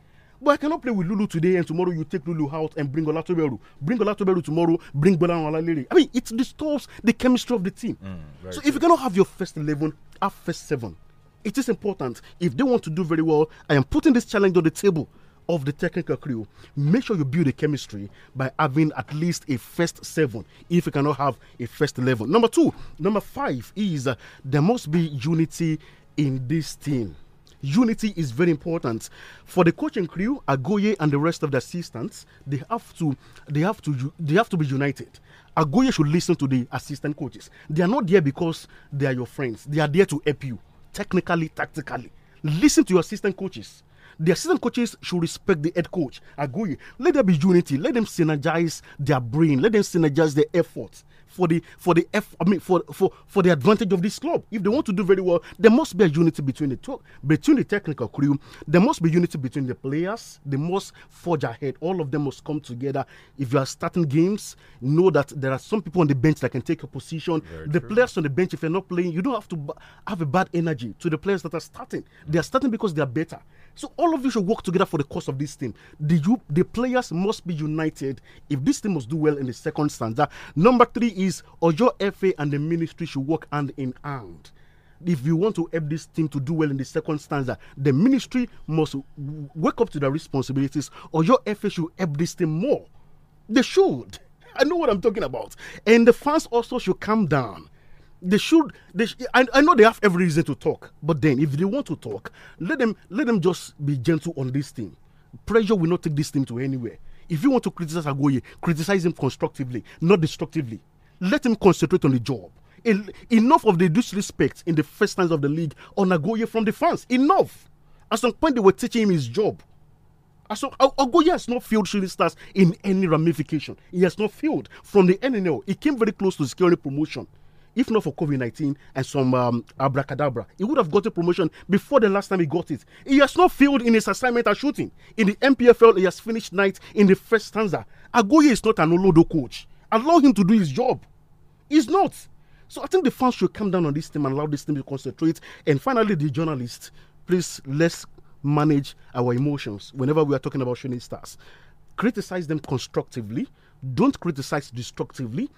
but I cannot play with Lulu today and tomorrow you take Lulu out and bring Olatoberu. Bring Olatoberu tomorrow, bring Bola Olaleri. I mean, it disturbs the chemistry of the team. Mm, so true. if you cannot have your first 11, have first 7. It is important. If they want to do very well, I am putting this challenge on the table of the technical crew. Make sure you build a chemistry by having at least a first 7 if you cannot have a first 11. Number 2, number 5 is uh, there must be unity in this team. Unity is very important for the coaching crew, Agoye and the rest of the assistants. They have to, they have to, they have to be united. Agoye should listen to the assistant coaches. They are not there because they are your friends. They are there to help you, technically, tactically. Listen to your assistant coaches the assistant coaches should respect the head coach. Agoye, let there be unity. Let them synergize their brain. Let them synergize their effort for the for the F, I mean for for for the advantage of this club. If they want to do very well, there must be a unity between the two, between the technical crew. There must be unity between the players. They must forge ahead. All of them must come together. If you are starting games, know that there are some people on the bench that can take a position. Very the true. players on the bench, if you're not playing, you don't have to have a bad energy to the players that are starting. They are starting because they are better. So all of you should work together for the cause of this team. The you, the players must be united if this team must do well in the second stanza. Number three is Ojo FA and the ministry should work hand in hand. If you want to help this team to do well in the second stanza, the ministry must wake up to their responsibilities. Or your FA should help this team more. They should. (laughs) I know what I'm talking about. And the fans also should calm down they should they sh I, I, know they have every reason to talk but then if they want to talk let them let them just be gentle on this thing pressure will not take this team to anywhere if you want to criticize agoye criticize him constructively not destructively let him concentrate on the job. Enough of the disrespect in the first times of the league on Agoye from the fans. Enough. At some point, they were teaching him his job. So Ogoya has not failed shooting stars in any ramification. He has not failed from the NNL. He came very close to securing promotion. If not for COVID 19 and some um, abracadabra, he would have got a promotion before the last time he got it. He has not failed in his assignment at shooting. In the MPFL, he has finished ninth in the first stanza. Agoye is not an Olodo coach. Allow him to do his job. He's not. So I think the fans should calm down on this team and allow this team to concentrate. And finally, the journalists, please let's manage our emotions whenever we are talking about shooting stars. Criticize them constructively. Don't criticize destructively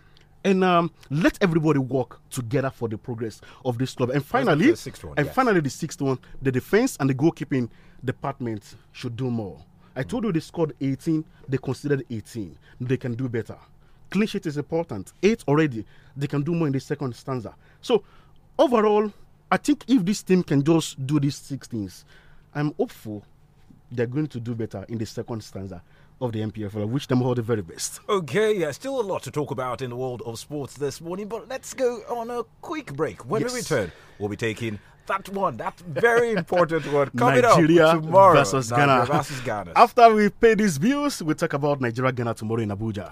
and um, let everybody work together for the progress of this club. And finally, one, and yes. finally, the sixth one, the defense and the goalkeeping department should do more. I told you they scored 18, they considered 18. They can do better. Clean sheet is important. Eight already. They can do more in the second stanza. So, overall, I think if this team can just do these six things, I'm hopeful they're going to do better in the second stanza of the MPFL. I wish them all the very best. Okay, yeah, still a lot to talk about in the world of sports this morning, but let's go on a quick break. When yes. we return, we'll be taking that one, that very important one, coming Nigeria up tomorrow. Versus Ghana. versus Ghana. After we pay these bills, we we'll talk about Nigeria Ghana tomorrow in Abuja.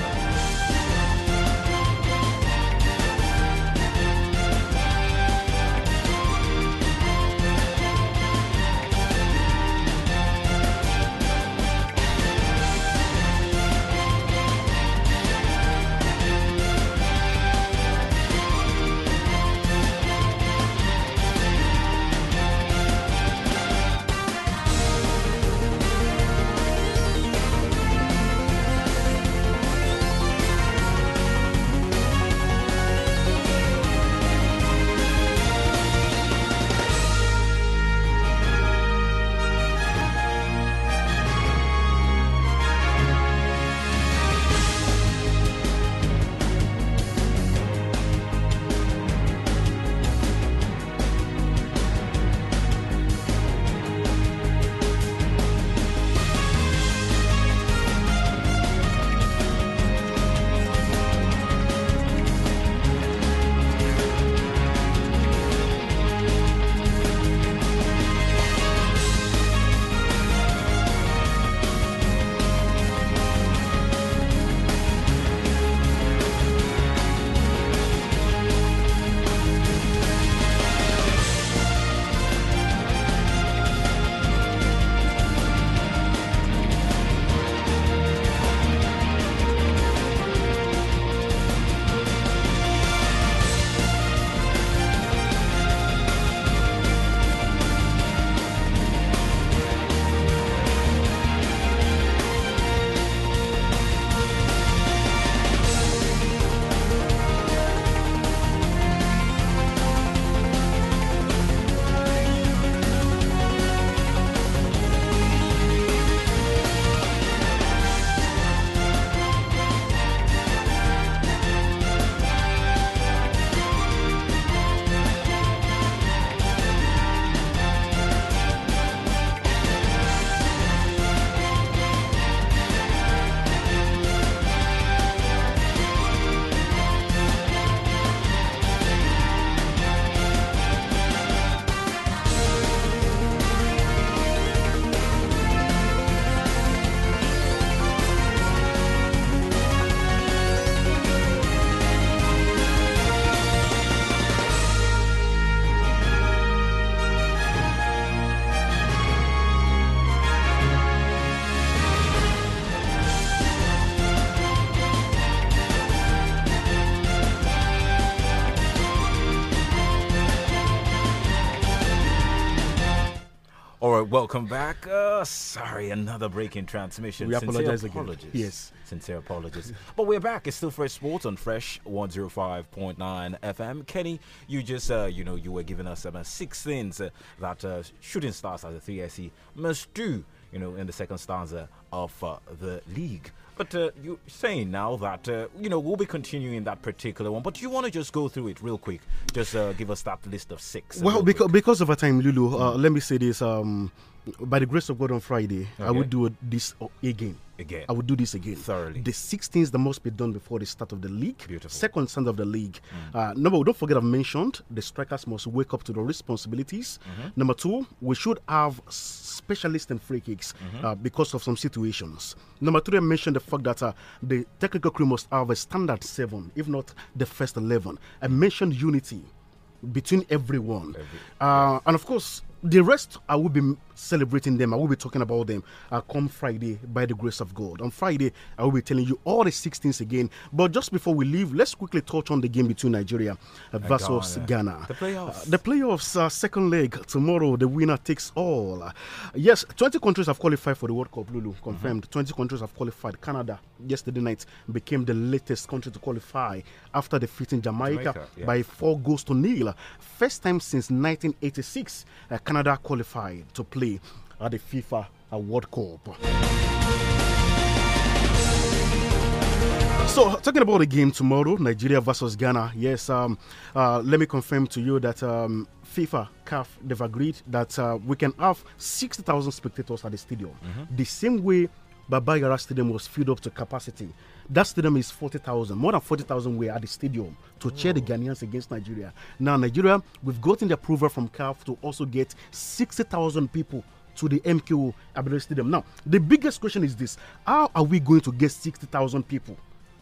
welcome back. Uh, sorry, another break in transmission. We Sincere apologize apologies. again. Yes. Sincere apologies. (laughs) but we're back. It's still Fresh Sports on Fresh 105.9 FM. Kenny, you just, uh, you know, you were giving us um, six things uh, that uh, shooting stars as a 3 se must do, you know, in the second stanza of uh, the league. But uh, you're saying now that, uh, you know, we'll be continuing that particular one, but you want to just go through it real quick. Just uh, give us that list of six. Well, because, because of our time, Lulu, mm let me say this. Um, by the grace of God on Friday, okay. I will do this uh, again again. I would do this again. Thoroughly. The six things that must be done before the start of the league. Beautiful. Second stand of the league. Mm. Uh, number one, don't forget I've mentioned the strikers must wake up to the responsibilities. Mm -hmm. Number two, we should have specialists in free kicks mm -hmm. uh, because of some situations. Number three, I mentioned the fact that uh, the technical crew must have a standard seven, if not the first 11. I mentioned unity between everyone. Every, yes. Uh, and of course, the rest I will be celebrating them. I will be talking about them uh, come Friday by the grace of God. On Friday, I will be telling you all the six things again. But just before we leave, let's quickly touch on the game between Nigeria uh, versus Ghana. Ghana. The playoffs. Uh, the playoffs, uh, second leg tomorrow. The winner takes all. Uh, yes, 20 countries have qualified for the World Cup, Lulu. Confirmed. Mm -hmm. 20 countries have qualified. Canada, yesterday night, became the latest country to qualify after defeating Jamaica, Jamaica yeah. by four goals to nil. First time since 1986, uh, Canada qualified to play play at the FIFA World Cup. So, talking about the game tomorrow, Nigeria versus Ghana. Yes, um, uh, let me confirm to you that um, FIFA, CAF, they've agreed that uh, we can have 60,000 spectators at the stadium. Mm -hmm. The same way Babayara Stadium was filled up to capacity. That stadium is 40,000. More than 40,000 were at the stadium to oh. cheer the Ghanaians against Nigeria. Now, Nigeria, we've gotten the approval from CAF to also get 60,000 people to the MKO Abidjan Stadium. Now, the biggest question is this how are we going to get 60,000 people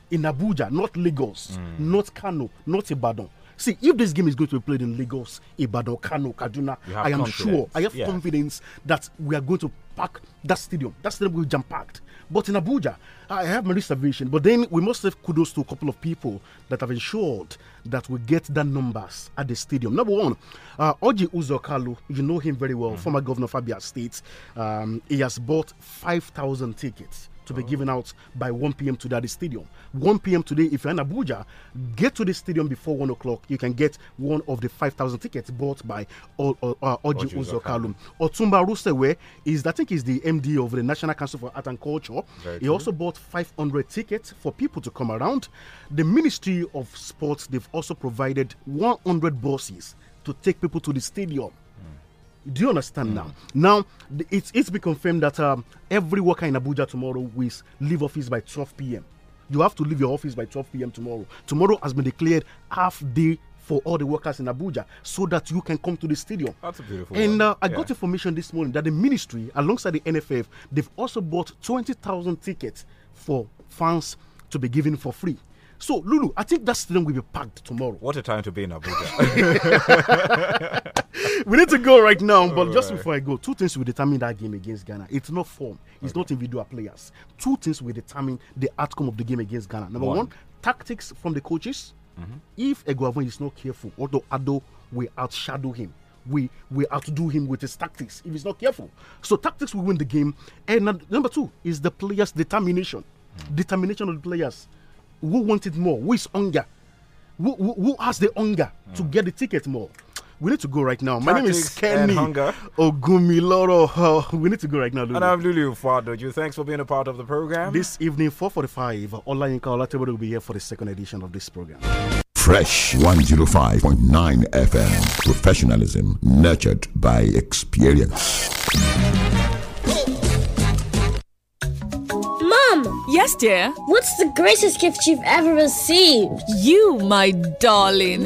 in Abuja, not Lagos, mm. not Kano, not Ibadan? See, if this game is going to be played in Lagos, Ibadan, Kano, Kaduna, I am sure, I have yeah. confidence that we are going to pack that stadium. That stadium will jam packed. But in Abuja, I have my reservation. But then we must have kudos to a couple of people that have ensured that we get the numbers at the stadium. Number one, uh, Oji Uzokalu, you know him very well, mm -hmm. former governor of Abia State. Um, he has bought 5,000 tickets to oh. be given out by 1 p.m. to that stadium. 1 p.m. today, if you're in Abuja, get to the stadium before 1 o'clock. You can get one of the 5,000 tickets bought by uh, Oji Uzokalum. Otumba Rusewe is, I think, is the MD of the National Council for Art and Culture. Very he true. also bought 500 tickets for people to come around. The Ministry of Sports, they've also provided 100 buses to take people to the stadium do you understand mm. now? Hmm. Now, it's, it's been confirmed that um, every worker in Abuja tomorrow will leave office by 12 p.m. You have to leave your office by 12 p.m. tomorrow. Tomorrow has been declared half day for all the workers in Abuja so that you can come to the stadium. That's a beautiful. And uh, I yeah. got information this morning that the ministry, alongside the NFF, they've also bought 20,000 tickets for fans to be given for free. So, Lulu, I think that stadium will be packed tomorrow. What a time to be in Abuja. (laughs) we need to go right now, but All just right. before I go, two things will determine that game against Ghana. It's not form, it's okay. not individual players. Two things will determine the outcome of the game against Ghana. Number one, one tactics from the coaches. Mm -hmm. If Eguavon is not careful, although Ado will outshadow him, we we outdo him with his tactics if he's not careful. So tactics will win the game. And number two is the players' determination, mm determination of the players who wanted more? Who is hunger? Who, who, who has the hunger mm. to get the ticket more? We need to go right now. My name is Kenny Ogumiloro. Uh, (laughs) we need to go right now. Lulu. And I'm Lulu Fadoju. Thanks for being a part of the program. This evening, 4.45, Olayinka Olatebo will be here for the second edition of this program. Fresh 105.9 FM. Professionalism nurtured by experience. Yes, dear. What's the greatest gift you've ever received? You, my darling. (laughs)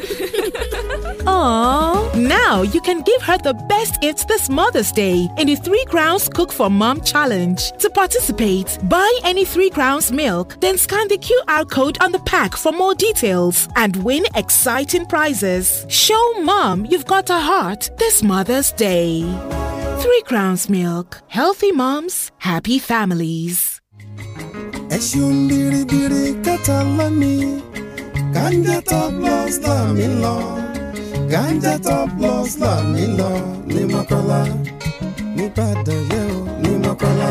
Aww. Now you can give her the best gifts this Mother's Day in the Three Crowns Cook for Mom Challenge. To participate, buy any Three Crowns milk, then scan the QR code on the pack for more details and win exciting prizes. Show mom you've got a heart this Mother's Day. Three Crowns Milk. Healthy moms, happy families. ẹ̀sùn biribiri kẹta lọ́ni ganja top loss là mí lọ ganja top loss là mí lọ ni mọ́kànlá nígbàdàn yẹ̀ ò ní mọ́kànlá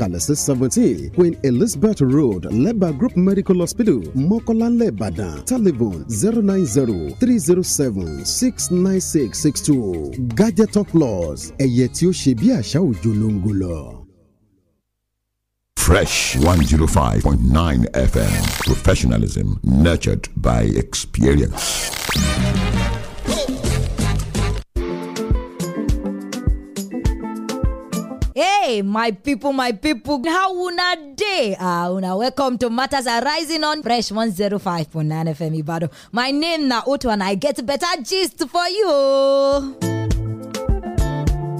kalẹ̀sí seventeen Queen Elizabeth Road Leba Group Medical Hospital Mọ́kọ́lá Ìbàdàn telephone zero nine zero three zero seven six nine six six two Gadget Talk Plus ẹ̀yẹ tí ó ṣe bí àṣà Fresh 105.9 FM. Professionalism nurtured by experience. my people, my people, how una day? Ah, una welcome to Matters Arising on Fresh 105.9 FM Ibado. My name na Otu and I get better gist for you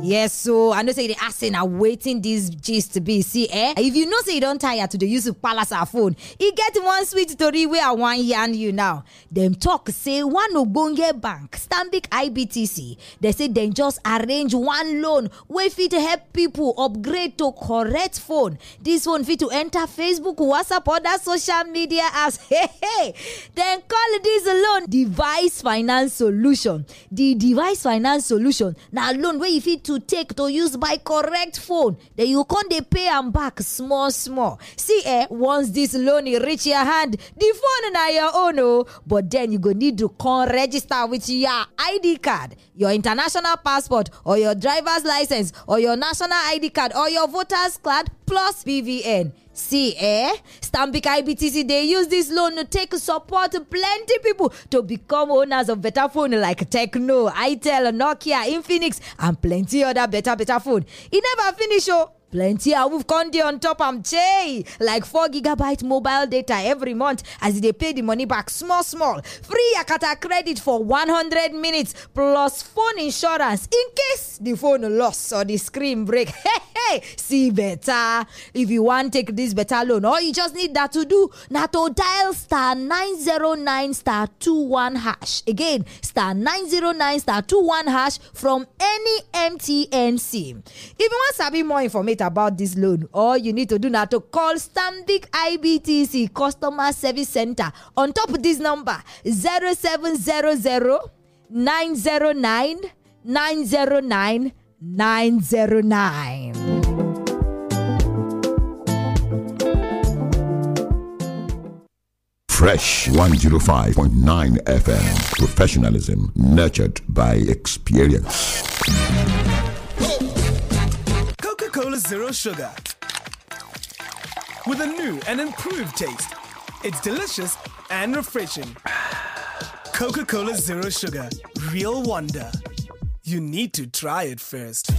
yes so i know say you dey ask say waiting these dis to be see eh if you know say you don't tire to the use palace our phone you get one sweet story where i want yarn you now them talk say one ogbonge bank Stambik ibtc They say they just arrange one loan where fit help people upgrade to correct phone This one fit to enter facebook whatsapp other social media as. (laughs) hey hey Then call this loan device finance solution The device finance solution now loan where you fit to take to use by correct phone then you can't they pay and back small small see eh once this loan reach your hand the phone na your own oh! but then you go need to con register with your id card your international passport or your drivers licence or your national id card or your voters card plus bvn See, eh? Stambik IBTC, they use this loan to take support plenty people to become owners of better phone like Techno, Itel, Nokia, Infinix, and plenty other better, better phone. It never finish, oh plenty of con dey on top am chey like 4 gigabyte mobile data every month as they pay the money back small small free akata credit for 100 minutes plus phone insurance in case the phone lost or the screen break (laughs) hey hey see better if you want take this better loan all you just need that to do na to dial star 909 star 21 hash again star 909 star 21 hash from any mtn sim if you I be more information complaint about this loan, all you need to do now to call Stanbic IBTC Customer Service Center on top of this number 0700 909 909 909. Fresh 105.9 FM. Professionalism nurtured by experience zero sugar. With a new and improved taste, it's delicious and refreshing. Coca Cola Zero Sugar, real wonder. You need to try it first.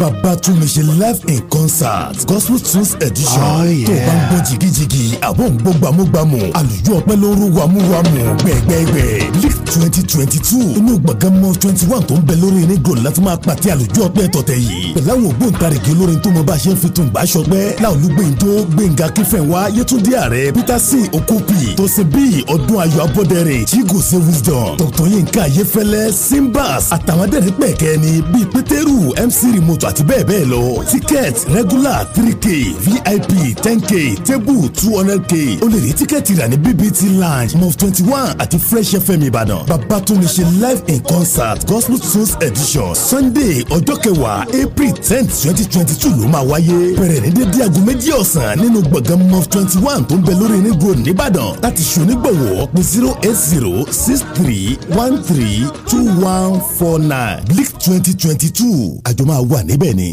bàbá tún mi ṣe live in concert gospel tunes edition oh, tó bá ń gbọ́ jìgìjìgì àbọ̀ ń gbọ́ gbàmúgbàmù àlùjọ ọpẹ́ ló ń rú wàmúwàmù gbẹ̀gbẹ̀gbẹ̀ lift twenty twenty two inú gbọ̀ngàn mọ́ twenty one tó ń bẹ lórí eré gòlù láti máa pàtẹ àlùjọ ọpẹ́ tọ̀tẹ̀ yìí pẹ̀lú àwọn ògbóǹtarìgì olórin tó mọ bá ṣe ń fi tùǹgbà ṣọgbẹ́ láòlú gbẹ̀ǹdó gbẹ̀ǹgà kífẹ̀wá yétúndé peter okopi tó ṣe bí ọdún ayọ̀ abọ́dẹrẹ̀ chigoze wisdom dr yinka ayefẹlẹ simbas àtàwọn adẹ́rìn pẹ̀kẹ́ ni bíi pétérù mc remote àti bẹ́ẹ̀ bẹ́ẹ̀ lọ ticket regular three k vip ten k table two hundred k o lè rí tíkẹ́ẹ̀tì rà ní bbt lounge mof twenty one àti fresh fm ìbàdàn babatunde live in concert gospel tunes edition sunday ọjọ́ kẹwàá april tenth twenty twenty two ló máa wáyé bẹ̀rẹ̀ ní dédé aago méjì ọ̀sán nínú gbọ̀ngàn mof twenty one tó ń bẹ lórí ní road nìbàdàn láti ṣonígbọ̀wọ́ pé zero eight zero six three one three two one four nine leak twenty twenty two àjọ máa wà níbẹ̀ ni.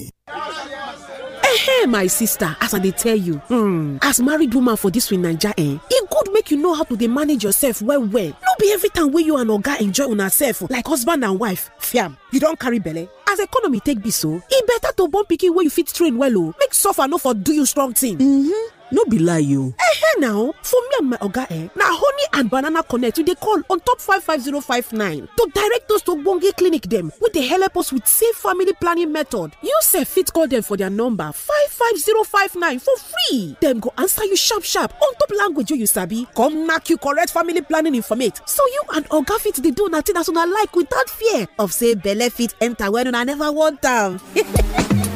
Hey, my sister, as I dey tell you, hmm, as married woman for this win Naija eh, it e good make you know how to dey manage yourself well well. No be every time wey you and oga enjoy una sef like husband and wife, fiam, you don carry belle. As economy take be so, e better to born pikin wey you fit train well o, oh. make suffer no for do you strong thing. Mm-hmm no be lie you. eh hey, eh, now for me and my oga eh na honey and banana connect we dey call on top five five five zero nine to direct us to ogbonge clinic dem wey dey help us with safe family planning method you sef fit call dem for their number five five five zero nine for free dem go answer you sharp sharp on top language wey you sabi come knack you correct family planning informate so you and oga fit dey do una thing as una like without fear of say belle fit enter when una never want am. (laughs)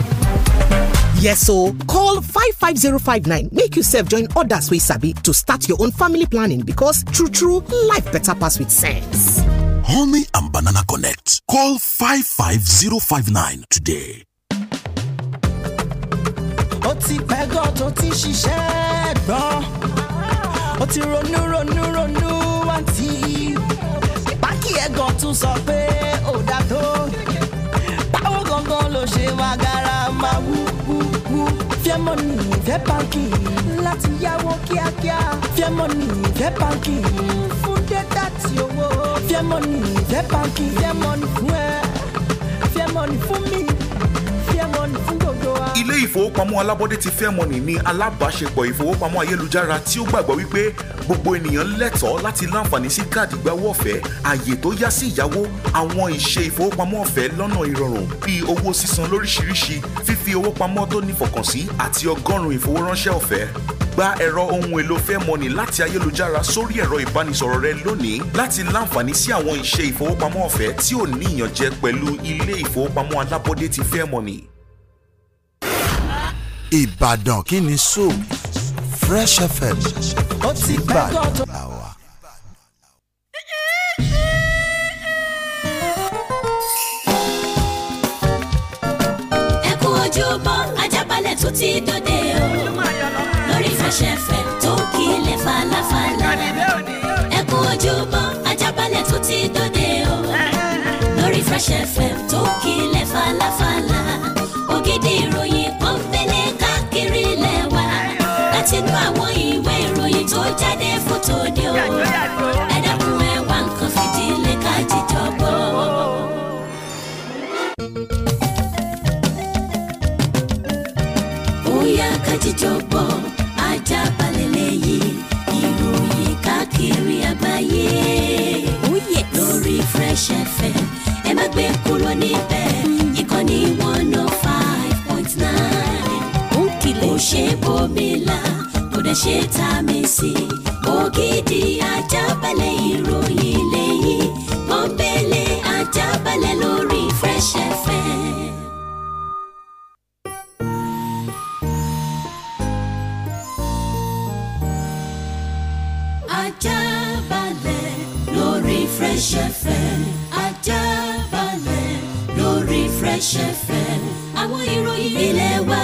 Yes, so call 55059. Make yourself join others with Sabi to start your own family planning because true, true, life better pass with sense. Honey and Banana Connect. Call 55059 today. ó ti pẹ́ gan tó ti ṣiṣẹ́ gbọ́n ó ti ronú ronú ronú àǹtí pákí ẹ̀gàn tún sọ pé ó dà tó báwo gangan ló ṣe máa gara máa wú. Fais money, fais banki. La tia wo kia kia. Fais money, fais banki. Funde dati yo wo. Fais money, fais banki. Fais money fwe. Fais money for me. Fais money for go. ilé ìfowópamọ́ alábọ́dé ti Fairmoney ní alábàáṣepọ̀ ìfowópamọ́ ayélujára tí ó gbàgbọ́ wípé gbogbo ènìyàn lẹ́tọ̀ọ́ láti láǹfààní sí káàdì ìgbàwọ́ ọ̀fẹ́ ààyè tó yá sí ìyáwó àwọn ìṣe ìfowópamọ́ ọ̀fẹ́ lọ́nà ìrọ̀rùn bíi owó sísan lóríṣiríṣi fífi owó pamọ́ tó nífọkànsí àti ọgọ́rùn-ún ìfowóránṣẹ́ ọ̀fẹ́ gba ẹ̀rọ ohun èlò Fairmoney láti ayélujára sórí ẹ̀rọ ìbánisọ̀rọ̀ rẹ lónìí láti láǹfààní sí àwọn ìṣe ìfowópamọ́ ọ̀fẹ́ tí ò ní ìyànjẹ pẹ̀lú ilé ìfowópamọ́ alábọ́dé ti Fairmoney. Ìbàdàn kí ni sọ Fresh FM ó ti gbàdúrà wá. ẹkún ojúbọ ajábalẹ̀ tó ti dòde o lórí Fresh FM tó kílẹ̀ falafala ẹkún ojúbọ ajábalẹ̀ tó ti dòde o lórí Fresh FM tó kílẹ̀ falafala. jáde fún tòde o ẹ dákun ẹ wá nǹkan fìdílé ká jíjọ gbọ́. bóyá ká jíjọ gbọ́ ajá balẹ̀ lẹ́yìn ìròyìn káàkiri àgbáyé oh, lórí Fresh FM ẹ má gbé kúrò níbẹ̀ ìkànnì one oh five point nine kò ṣe bómi la dẹ̀ ṣe tá a mi sí. ògidì ajábalẹ̀ ìròyìn lẹ́yìn pọ́npẹ́lẹ́ ajábalẹ̀ lórí Fresh FM. ajábalẹ̀ lórí Fresh FM ajábalẹ̀ lórí Fresh FM àwọn ìròyìn ilé wa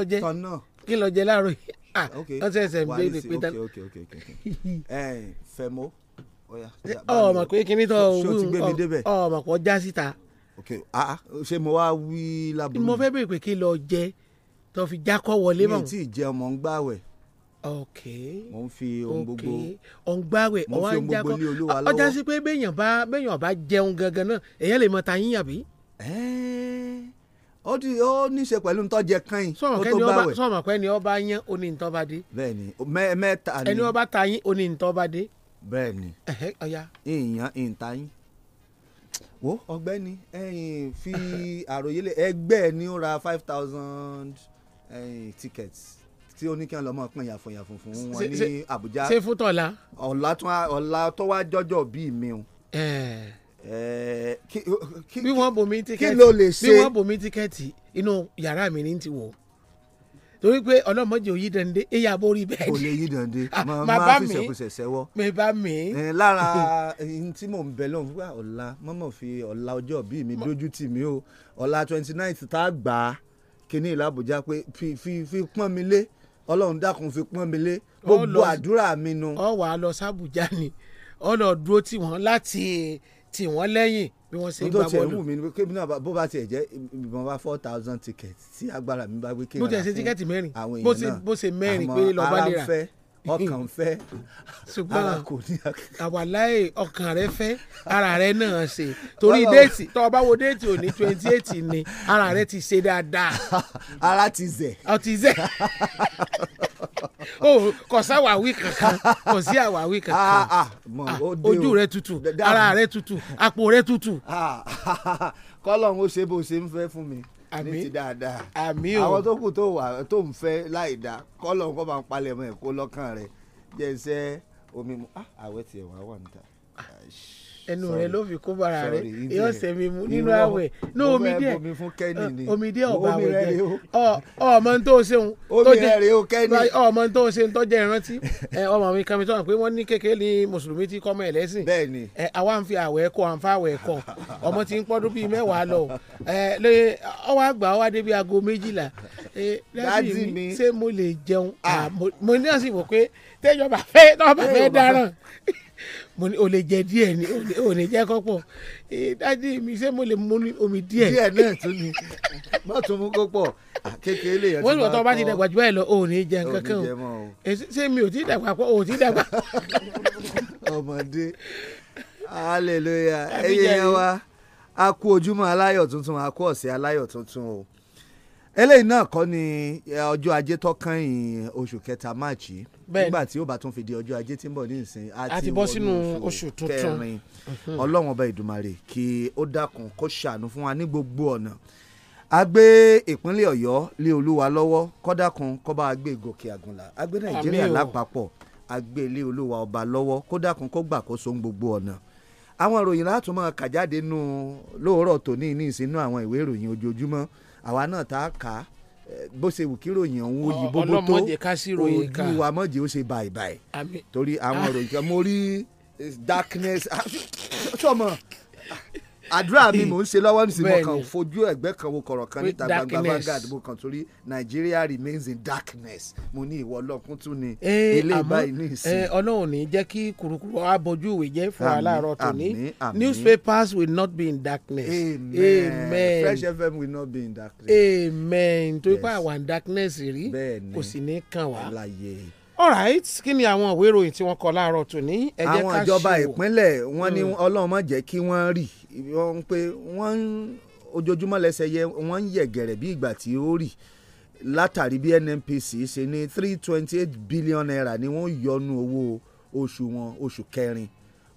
lọ jẹ kí lọ jẹ láàárọ̀ yìí (laughs) ah wọ́n (laughs) ṣẹ̀ṣẹ̀ gbé ní pété. fẹmọ ọmọ pé kíní tó ọmọ pọ já síta. ṣé mo wá wí lábúrò. mo fẹ́ bèèrè pé kí lọ jẹ tó fi jákọ́ wọlé mọ́. mi ì tí ì jẹ ọmọ ń gbàwẹ̀ ok mo ń fi ohun gbogbo ọ̀n gbàwẹ̀ ọ̀wá ń jákọ́ ọjà sí pé béèyàn bá béèyàn bá jẹun gangan náà èèyàn lè mọ ta yín yàbí. ẹ̀ẹ́ ó ti ó ní í ṣe pẹ̀lú ntọ́jẹ kan yìí ó tó bá wẹ̀. sọ̀rọ̀ pé ẹni ọba yẹn ó ntọ́ba dé. bẹ́ẹ̀ni mẹ́ta ni ẹni ọba ta yín ó ní ntọ́ba dé. bẹ́ẹ̀ni ìyàn ìta yín wo ọ̀gbẹ́ni ẹ̀yin fi (laughs) àròyé lé ẹgbẹ́ ẹ ní ó ra five thousand tickets tí ó ní kí wọn lọ mọ pín yàfùn yàfùn fún wọn ní Àbújá. ṣé fún tọ̀la. ọ̀la tó wá jọjọ́ bíi mi o. ẹ̀ẹ́ Eh, bí wọ́n bomi tíkẹ́ẹ̀tì kí ló lè ṣe bí wọ́n bomi tíkẹ́ẹ̀tì inú yàrá mi ní ti wò torí pé ọlọ́mọdé ò yí dande eyi aborí bẹ́ẹ̀ ni. kò lè yí dande ah, máa bá mi mi bá mi. lára tí mò ń bẹ lọ́hùn fún wa ọ̀la mọ́mọ́ fi ọ̀la ọjọ́ bíi mi dójú tì mí o ọ̀la twenty ninth tá a gbà á kíní ìlú Àbújá pé fi pọ́n mi lé ọlọ́run dákun fi pọ́n mi lé gbogbo àdúrà mi nu. ọ wà á lọ sábùjá ni ọ lọ dúró tì wọ́n láti tì wọ́n lẹ́yìn bí wọ́n ṣe gbá bọ́ọ̀lù. nítorí ẹ̀wù mi ni pé náà bó bá tiẹ̀ jẹ́ ìbọn bá four thousand tickets tí agbára mi bá gbé kéèyàn. bó tiẹ̀ ṣe tíkẹ́ẹ̀tì mẹ́rin bó ṣe mẹ́rin pé lọ́ọ́ bá lè rà ọkàn (laughs) fẹ́ ara kò ní. àwàláyé ọkàn rẹ fẹ́ ara rẹ náà ṣe torí déètì tó o bá wo déètì òní twenty eight ni ara rẹ ti ṣe dáadáa. (laughs) ara ti zẹ̀. ọ ti zẹ̀ (laughs) o oh, kò sáwàwí kankan kò sí àwàwí ah, kankan ah, ah, ojú rẹ tutù ara rẹ tutù àpò rẹ tutù. kọ́lọ̀ ń ṣe bó ṣe ń fẹ́ fún mi ní ti dáadáa àmì o àwọn tó kù tó wà tó ń fẹ́ láì dá kọ́lọ̀ nǹkan bá ń palẹ̀ mọ́ ẹ̀kọ́ lọ́kàn rẹ̀ jẹ́ iṣẹ́ omi mu ah, àwẹ̀ tiẹ̀ wá wà níta ẹnu rẹ ló fi kó bara rẹ yóò sẹmi mu nínú àwẹ̀ ní omi díẹ̀ omi díẹ̀ ọba àwẹ̀ jẹ ọmọ tó o ṣeun tó jẹ ọmọ tó o ṣeun tó jẹ ìrántí ọmọ mi kan mi tọ́ pé wọ́n ní kékeré ní mùsùlùmí tí kọ́mọ ẹ̀ lẹ́sìn àwa ń fi àwẹ̀ kọ à ń fa àwẹ̀ kọ ọmọ tí ń pọ́dún bíi mẹ́wàá lọ ọwọ́ àgbà ọwọ́ adé bíi aago méjìlá láti mi ṣé mo lè jẹun ah. mo ní àsìkò pé tẹ́jọba fẹ́ tọ́ba fẹ́ dáràn mo ní o lè jẹ díẹ̀ ni o ní jẹ kọ́pọ̀ dájú mi ṣé mo lè mú omi díẹ̀. díẹ̀ náà tún ni má tún mú kọ́pọ̀ kékeré lè yẹn ti máa kọ́. wọ́n ní wọ́n bá ti dàgbà jù báyìí lọ o ò ní jẹ nǹkan kan o ṣé mi ò ti dàgbà pọ̀ o ò ti dàgbà. (laughs) ọmọdé hallelujah ẹyẹ yẹn wa a kú ojúmọ́ aláyọ̀ tuntun a kú ọ̀sẹ̀ aláyọ̀ tuntun o eléyìí náà kọ́ ni ọjọ́ ajé tọ́kàn yìí oṣù kẹta máàcì yìí nígbà tí ó bá tún fi di ọjọ́ ajé tí ń bọ̀ ní ìsìn àti bọ́ sínú oṣù tuntun mhm. ọlọ́run ọba ìdùmarè kí ó dákun kó ṣàánú fún wa ní gbogbo ọ̀nà a gbé ìpínlẹ̀ ọ̀yọ́ lé olúwa lọ́wọ́ kọ́dákun kó bá a gbé gòkè àgùnlà a gbé nàìjíríà lápapọ̀ a gbé lé olúwa ọba lọ́wọ́ kọ́dákun kó gbàkóso gbogbo ọ̀nà àwọn ìròyìn láti máa kà jáde nù lóòrọ̀ tòní ní ìsinú àwọn ìwé ìròyìn ojoojúmọ́ àwa náà tá a kà á bó ṣe wù kí ròyìn ọ̀hún òyì bóbó tó ojú wa mọ̀jì ó ṣe bàìbàì torí àwọn ah. ròyìn kan mo rí eh, darkness sọmọ (laughs) àdúrà mi (laughs) mò ń ṣe lọ́wọ́ ní sinmi kan fojú ẹ̀gbẹ́ kan wo kọ̀rọ̀ kan níta gbangba Vanguard mo kàn torí Nigeria remains in darkness mo ní ìwọ ọlọ́kun tún ni ilé eh, ìbáyìí ní ìsìn. Eh, Ọlọ́run ní jẹ́ kí kùrùkùrù abojú ìwé jẹ́ fún wa láàárọ̀ tòní newspapers will not be in darkness amen, Fresh FM will not be in darkness amen torí pé àwa darkness rí kò sì ní kàn wá alright kí ni àwọn ìwé ìròyìn tí wọ́n kọ láàárọ̀ tòní ẹ jẹ́ ká ṣe wò. àwọn ìjọba ìpínlẹ̀ wọ́n ní hmm. ọlọ́run má jẹ́ kí wọ́n rì wọ́n pé wọ́n ojoojúmọ́ lẹ́sẹ̀ yẹ wọ́n ń yẹ̀ gẹ̀rẹ̀ bí ìgbà tí ó rì látàrí bí NNPC ṣe ní three twenty eight billion naira ni wọ́n yọnu owó oṣù wọn oṣù kẹrin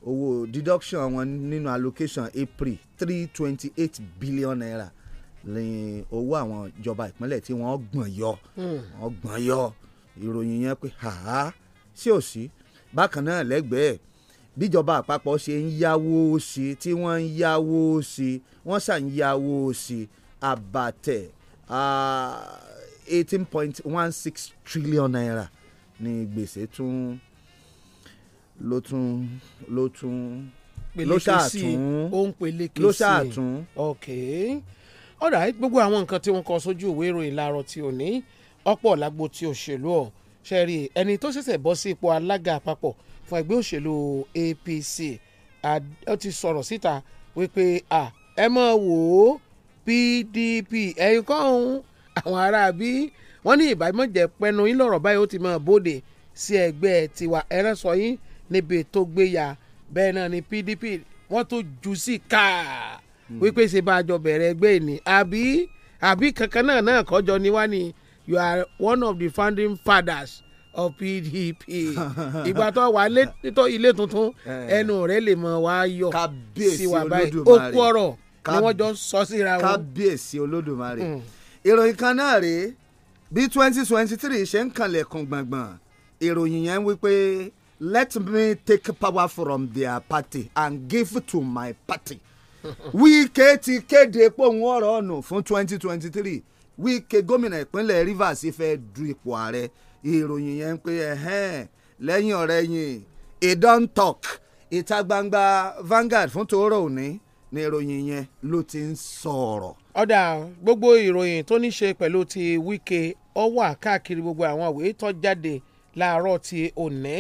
owó deduction wọn nínú allocation April three twenty eight billion naira ní owó àwọn ìjọba ìpínlẹ̀ tí wọ́n gbọ̀n yọ hmm. wọ́n gbọ̀n yọ. Mm ìròyìn yẹn pé àá sí ò sí bákan náà lẹ́gbẹ̀ẹ́ bíjọba àpapọ̀ ṣe ń yáwó sí tí wọ́n ń yáwó sí wọ́n ṣà ń yáwó sí àbàtẹ̀ eighteen point one six trillion naira ní gbèsè tún ló tún ló tún ló ṣàtún ló ṣàtún. ok ọ̀rọ̀ àìgbogbo àwọn nǹkan tí wọ́n kọ sójú ìwé ìròyìn láàárọ̀ tí ò ní ọ̀pọ̀ làgbo ti òṣèlú ọ̀ ṣẹ́rí ẹni tó ṣẹ̀ṣẹ̀ bọ́ sí ipò alága àpapọ̀ fún ẹgbẹ́ òṣèlú APC ó ti sọ̀rọ̀ síta wípé ẹ mọ̀ wò ó PDP ẹ̀yin kọ́ ọ̀hún àwọn ará bí wọ́n ní ìbámọ̀jẹ̀ pẹ́nu yín lọ́rọ̀ báyìí ó ti máa bóde sí ẹgbẹ́ tiwa ẹran sọ yín níbi tó gbé ya bẹ́ẹ̀ náà ni PDP wọ́n tó jù sí káà hmm. wípé ṣe bá a jọ bẹ̀rẹ̀ ẹgbẹ́ ìní àbí àbí kankan náà náà kọjọ ni wá ni you are one of the founding fathers of PDP (laughs) ìgbà tó wà létò ilé tuntun eh. ẹnu rẹ lè mọ wá yọ sí wa báyìí ó kú ọ̀rọ̀ ni wọ́n jọ sọ síra wọn. kábíyèsí olódùmarè hmm. ìròyìn kan náà rèé bí twenty twenty three ṣe ń kanlẹ̀kùn gbọ̀ngbọ̀n ìròyìn yẹn wípé let me take power from their party and give to my party (laughs) Wike ti kéde pòun ọ̀rọ̀ ọ̀nà fún twenty twenty three Wike gómìnà ìpínlẹ̀ Rivers fẹ́ du ipò ààrẹ ìròyìn yẹn ń pé ẹ̀hẹ́n lẹ́yìn ọ̀rẹ́ yìí ìdán talk ìta gbangba Vanguard fún tòórọ́ òní ni ìròyìn yẹn ló ti ń sọ̀rọ̀. ọ̀dà gbogbo ìròyìn tó ní ṣe pẹ̀lú ti Wike ó wà káàkiri gbogbo àwọn ìwé tó jáde láàárọ̀ ti òní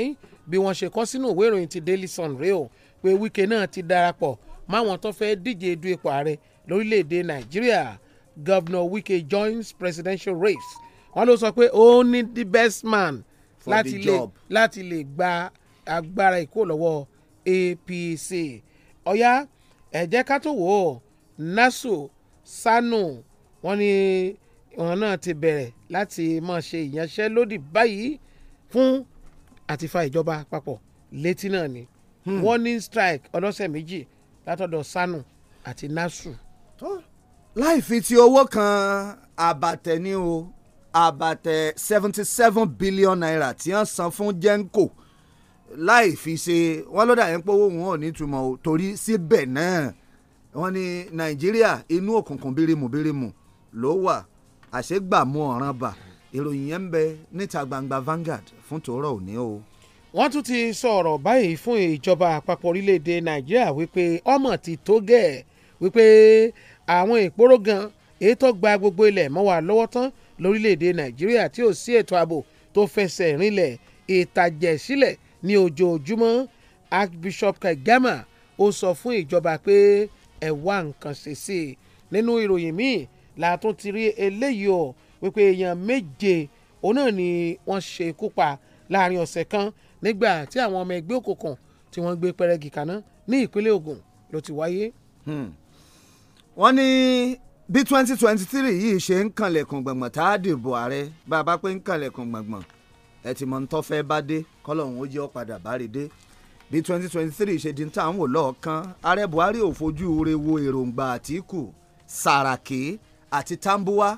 bí wọ́n ṣe kọ sínú ìwé ìròyìn ti Daily Sun rèé o pé Wike náà ti darapọ̀ máwọn tó fẹ́ díje du ipò ààrẹ lórílẹ̀‐èdè Nàìjíríà Governor Wike joins presidential race wọ́n ló sọ pé òun the best man láti lè láti lè gba agbára ìkó lọ́wọ́ APC ọ̀yá ẹ jẹ́ ká tó wò ó Nasu sanu wọ́n ní wọn náà ti bẹ̀rẹ̀ láti máa ṣe ìyanṣẹ́lódì báyìí fún àti fa ìjọba àpapọ̀ létí náà ni hmm. warning strike ọlọ́sẹ̀ méjì látọ̀dọ̀ sanu àti nasu. Oh láì fi ti owó kan àbàtẹ ní o àbàtẹ seventy seven billion naira tí wọ́n san fún Genco láì fi ṣe wọ́n lọ́dà yẹn pé owó wọn ò ní túmọ̀ o torí síbẹ̀ náà wọ́n ní Nàìjíríà inú òkùnkùn bírímù bírímù ló wà àṣegbàmú ọ̀ràn bà ìròyìn yẹn ń bẹ níta gbangba Vanguard fún tòórọ̀ òní o. wọ́n tún ti sọ̀rọ̀ báyìí fún ìjọba àpapọ̀ orílẹ̀‐èdè Nàìjíríà wípé ọmọ ti tó gẹ̀ wípé àwọn ìpòrò gan èyí tó gba gbogbo ilẹ̀ mọ́ wa lọ́wọ́ tán lórílẹ̀‐èdè nàìjíríà tí ò sí ètò ààbò tó fẹsẹ̀ rinlẹ̀ ìtàjẹ̀sílẹ̀ ní ojoojúmọ́ archbishop kagama ó sọ fún ìjọba pé ẹ wá nǹkan ṣe sí i nínú ìròyìn míì làtún ti rí eléyìí o wípé èèyàn méje òun náà ni wọ́n ṣe ikú pa láàrin ọ̀sẹ̀ kan nígbà tí àwọn ọmọ ẹgbẹ́ òkùnkùn tí wọ́n gbé pẹrẹgì kaná ní ìpínlẹ̀ Ògùn ló ti wáyé. Hmm wọ́n ní bí twenty twenty three yìí ṣe ń kànlẹ̀kùn gbọ̀ngbọ̀n tá a dìbò ààrẹ bá a bá pé ń kànlẹ̀kùn gbọ̀ngbọ̀n ẹ ti mọ̀ ń tọ́fẹ́ bá dé kọ́lọ́hún ó jẹ́ ọ́ padà bá rí dé bí twenty twenty three ṣe di ń ń wò lọ́ọ̀kan ààrẹ buhari ò fojú re wo èròǹgbà àtìkù sàràkí àti tambuwa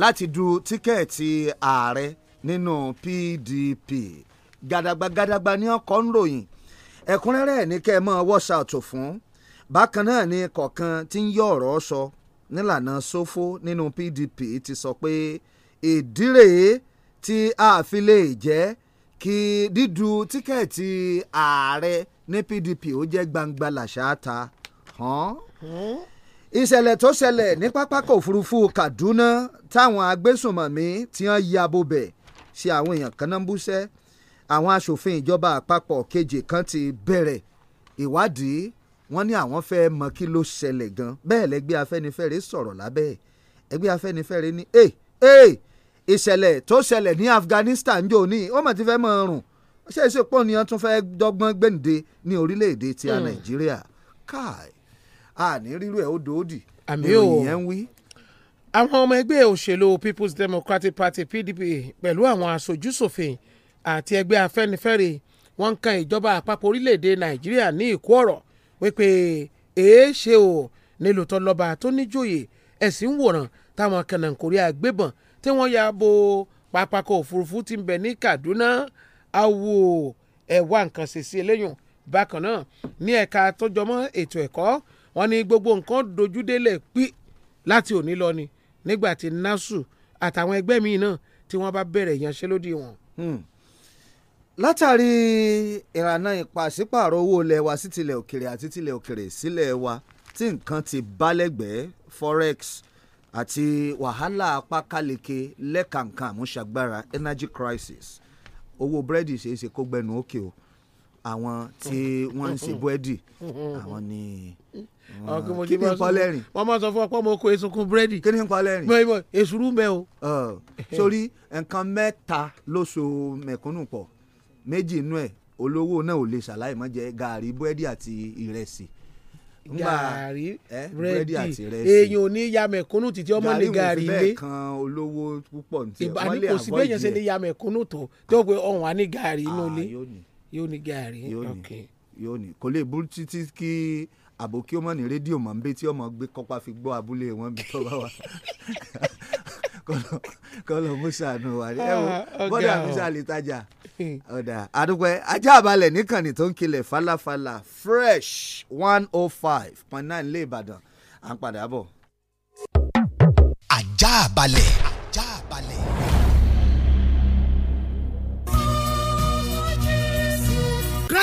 láti du tíkẹ́ẹ̀tì ààrẹ nínú pdp gàdàgbà gàdàgbà ní ọkọ̀ ń ròyìn ẹ̀kúnrẹ́rẹ́ ní kẹ́ ẹ mọ́ wọ́ṣà ọ̀tọ̀ fún bákan náà ni kọ̀ọ̀kan tí ń yọ ọ̀rọ̀ sọ nílànà sófó nínú PDP ti sọ pé ìdírè tí a fi lè jẹ́ kí dídu tíkẹ́ẹ̀tì ààrẹ ní PDP ó jẹ́ gbangba làṣà ta ìṣẹ̀lẹ̀ tó ṣẹlẹ̀ ní pápákọ̀ òfurufú Kaduna táwọn agbésùnmọ̀mí tí wọ́n ya bobẹ̀ ṣe àwọn èèyàn kan náà ń búṣẹ́ àwọn aṣòfin ìjọba àpapọ̀ kejì kan ti bẹ̀rẹ̀ ìwádìí wọ́n ní àwọn fẹ́ mọ kí ló ṣẹlẹ̀ gan bẹ́ẹ̀ lẹ́gbẹ́ afẹ́nifẹ́re sọ̀rọ̀ lábẹ́ ẹ̀ ẹgbẹ́ afẹ́nifẹ́re ní ẹ̀ ẹ̀ ìṣẹ̀lẹ̀ tó ṣẹlẹ̀ ní Afghanistan jò ní ó mà ti fẹ́ mọ ọrùn ó ṣe é ṣe pọ̀ nìyẹn tún fẹ́ dọ́gbọ́n gbẹ̀ǹde ní orílẹ̀-èdè ti a hmm. Nàìjíríà káì àní rírú ẹ̀ ó dòódì ìròyìn yẹn wí àwọn ọmọ ẹgbẹ́ òṣèlú people's democratic party pdp pẹ̀lú àwọn aṣojúṣòfin àti ẹgbẹ́ afẹ́nifẹ́re wọ́n ń kan ìjọba àpapọ̀ orílẹ̀‐èdè nàìjíríà ní ìkú ọ̀rọ̀ wípé èé ṣe o nílùú tọ́lọ́ba tó níjòyè ẹ̀sìn wòran táwọn kànáńkórí àgbébọn tí wọ́n ya bo pápákọ̀ òfurufú ti ń bẹ ní Kaduna awo ẹ̀wà nǹkan ṣe sí eléyùn bákan náà ní ẹ̀ka tọ́jọmọ́ ètò ẹ̀kọ́ wọn ni gbogbo nǹkan dojúdélẹ̀ pí láti òní lọ ni nígbà tí nasu àtàwọn ẹgbẹ́ míì náà tí wọ́n bá bẹ̀rẹ̀ ìyanṣẹ́lódì wọn. Hmm látàrí ìrànà ìpàsípàrọ̀ owó ilẹ̀ wa sí tilẹ̀ òkèrè àti tilẹ̀ òkèrè sílẹ̀ wa tí nǹkan ti bálẹ̀gbẹ́ forex àti wàhálà apákáleke lẹ́kàǹkàn àmúṣagbára energy crisis owó búrẹ́dì ṣeéṣe kó gbẹnu òkè o àwọn tí wọ́n ń ṣe búrẹ́dì àwọn ni kí ni nǹkan lẹ́rìn. wọ́n máa sọ fún ọ pé mo kó esunkun búrẹ́dì. kí ni nǹkan lẹ́rìn. mọ ìbọn èsùrú mẹ́ o. sórí nǹkan mẹ́ta ló so mẹ̀kúnnù pọ̀ méjì inú ẹ̀ olówó náà ò lè ṣàlàyé mọ́ jẹ gàrí búrẹ́dì àti ìrẹsì gàrí búrẹ́dì àti ìrẹsì èèyàn ò ní ya mẹ̀kúnnù títí ọmọ ní gàrí ilé gàrí òfin bẹ́ẹ̀ kan olówó púpọ̀ ní tiẹ̀ wọ́n lè àbọ̀ jẹ kò sí bẹ́ẹ̀ yẹn ṣe lè ya mẹ̀kúnnù tó tó pé ọ̀hún á ní gàrí inú ah, ilé yóò ní gàrí ok yóò ní kò lè burú títí kí àbòkí ọmọ ní rédíò mọ̀ ń bẹ́ tí ọmọ gbé kọ́pá fi gbọ́ abúlé wọn bí tó bá wà (laughs) kọlọ musa nù wá ẹ wo ah, bọ́dà musa lè tajà ọ̀dà àdúpẹ́ ajá àbálẹ̀ níkànnì tó ń kilẹ̀ falafala fresh one oh five point nine lé ìbàdàn à ń padà bọ̀. ajá àbálẹ̀ ajá àbálẹ̀.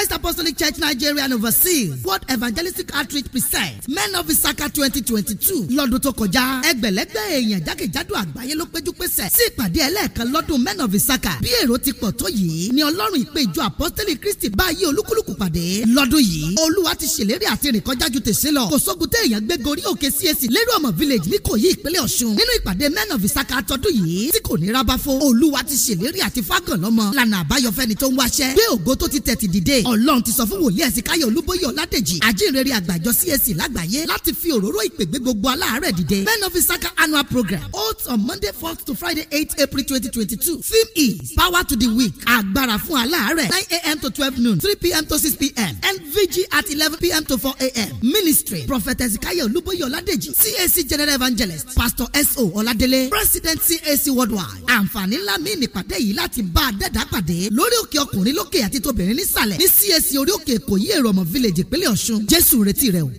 Christ Apostolic Church Nigeria and overseas World Evangelistic Outreach Present Men of Isaka twenty twenty two lọ́dún tó kọjá ẹgbẹ̀lẹ́gbẹ̀ èèyàn jákèjádò àgbáyé ló péjú pésẹ̀ sí ìpàdé ẹlẹ́ẹ̀kan lọ́dún Men of Isaka bí èrò ti pọ̀ tó yìí ni Ọlọ́run ìpè ìjọ Apostolic Christi báyìí olúkúlùkù pàdé lọ́dún yìí Olúwa ti ṣèlérí àti rìn kọjá ju tèṣe lọ kò sógun tẹ èèyàn gbé gorí òkè CAC lérò ọmọ village ní kò yí ìpínlẹ̀ Ọ̀ṣun nínú ìpàdé Men of Isaka tọdún yìí tí kò ní rábáfó Olúwa ti ṣèlérí àti fágànlọ́mọ lànà àbáyọfẹ́ni tó ń wáṣẹ́ gbé ti tẹ̀ ti dìde ọlọ́run ti sọ fún wòlíì ẹ̀sìnkáyọ̀ olúbóyè ọ̀ládèjì àjíǹrere àgbàjọ CAC e lágbàáyé láti fi òróró ìpègbè gbogbo aláàárẹ̀ dìde men of isaka annual program holds on monday fourth to friday eight april twenty twenty two theme is power to the weak agbára fún aláàárẹ̀ nine a.m. to twelve noon three p.m. to six p.m. NVG at eleven p.m. to four a.m. ministry prophet ẹ̀sìnkáyọ̀ olúbóyè ọ̀ládèjì CAC e general evangelist pastor S.O. ọ̀ládélé president CAC e worldwide àǹfààní ńlá mi nípàdé yìí láti bá a dẹ́dàá pàdé lórí òkè ọkùnrin lókè àti tóbìnrin CAC orí òkè èkó yí èrò ọmọ village ìpínlẹ̀ ọ̀ṣun jésù retí rẹ o.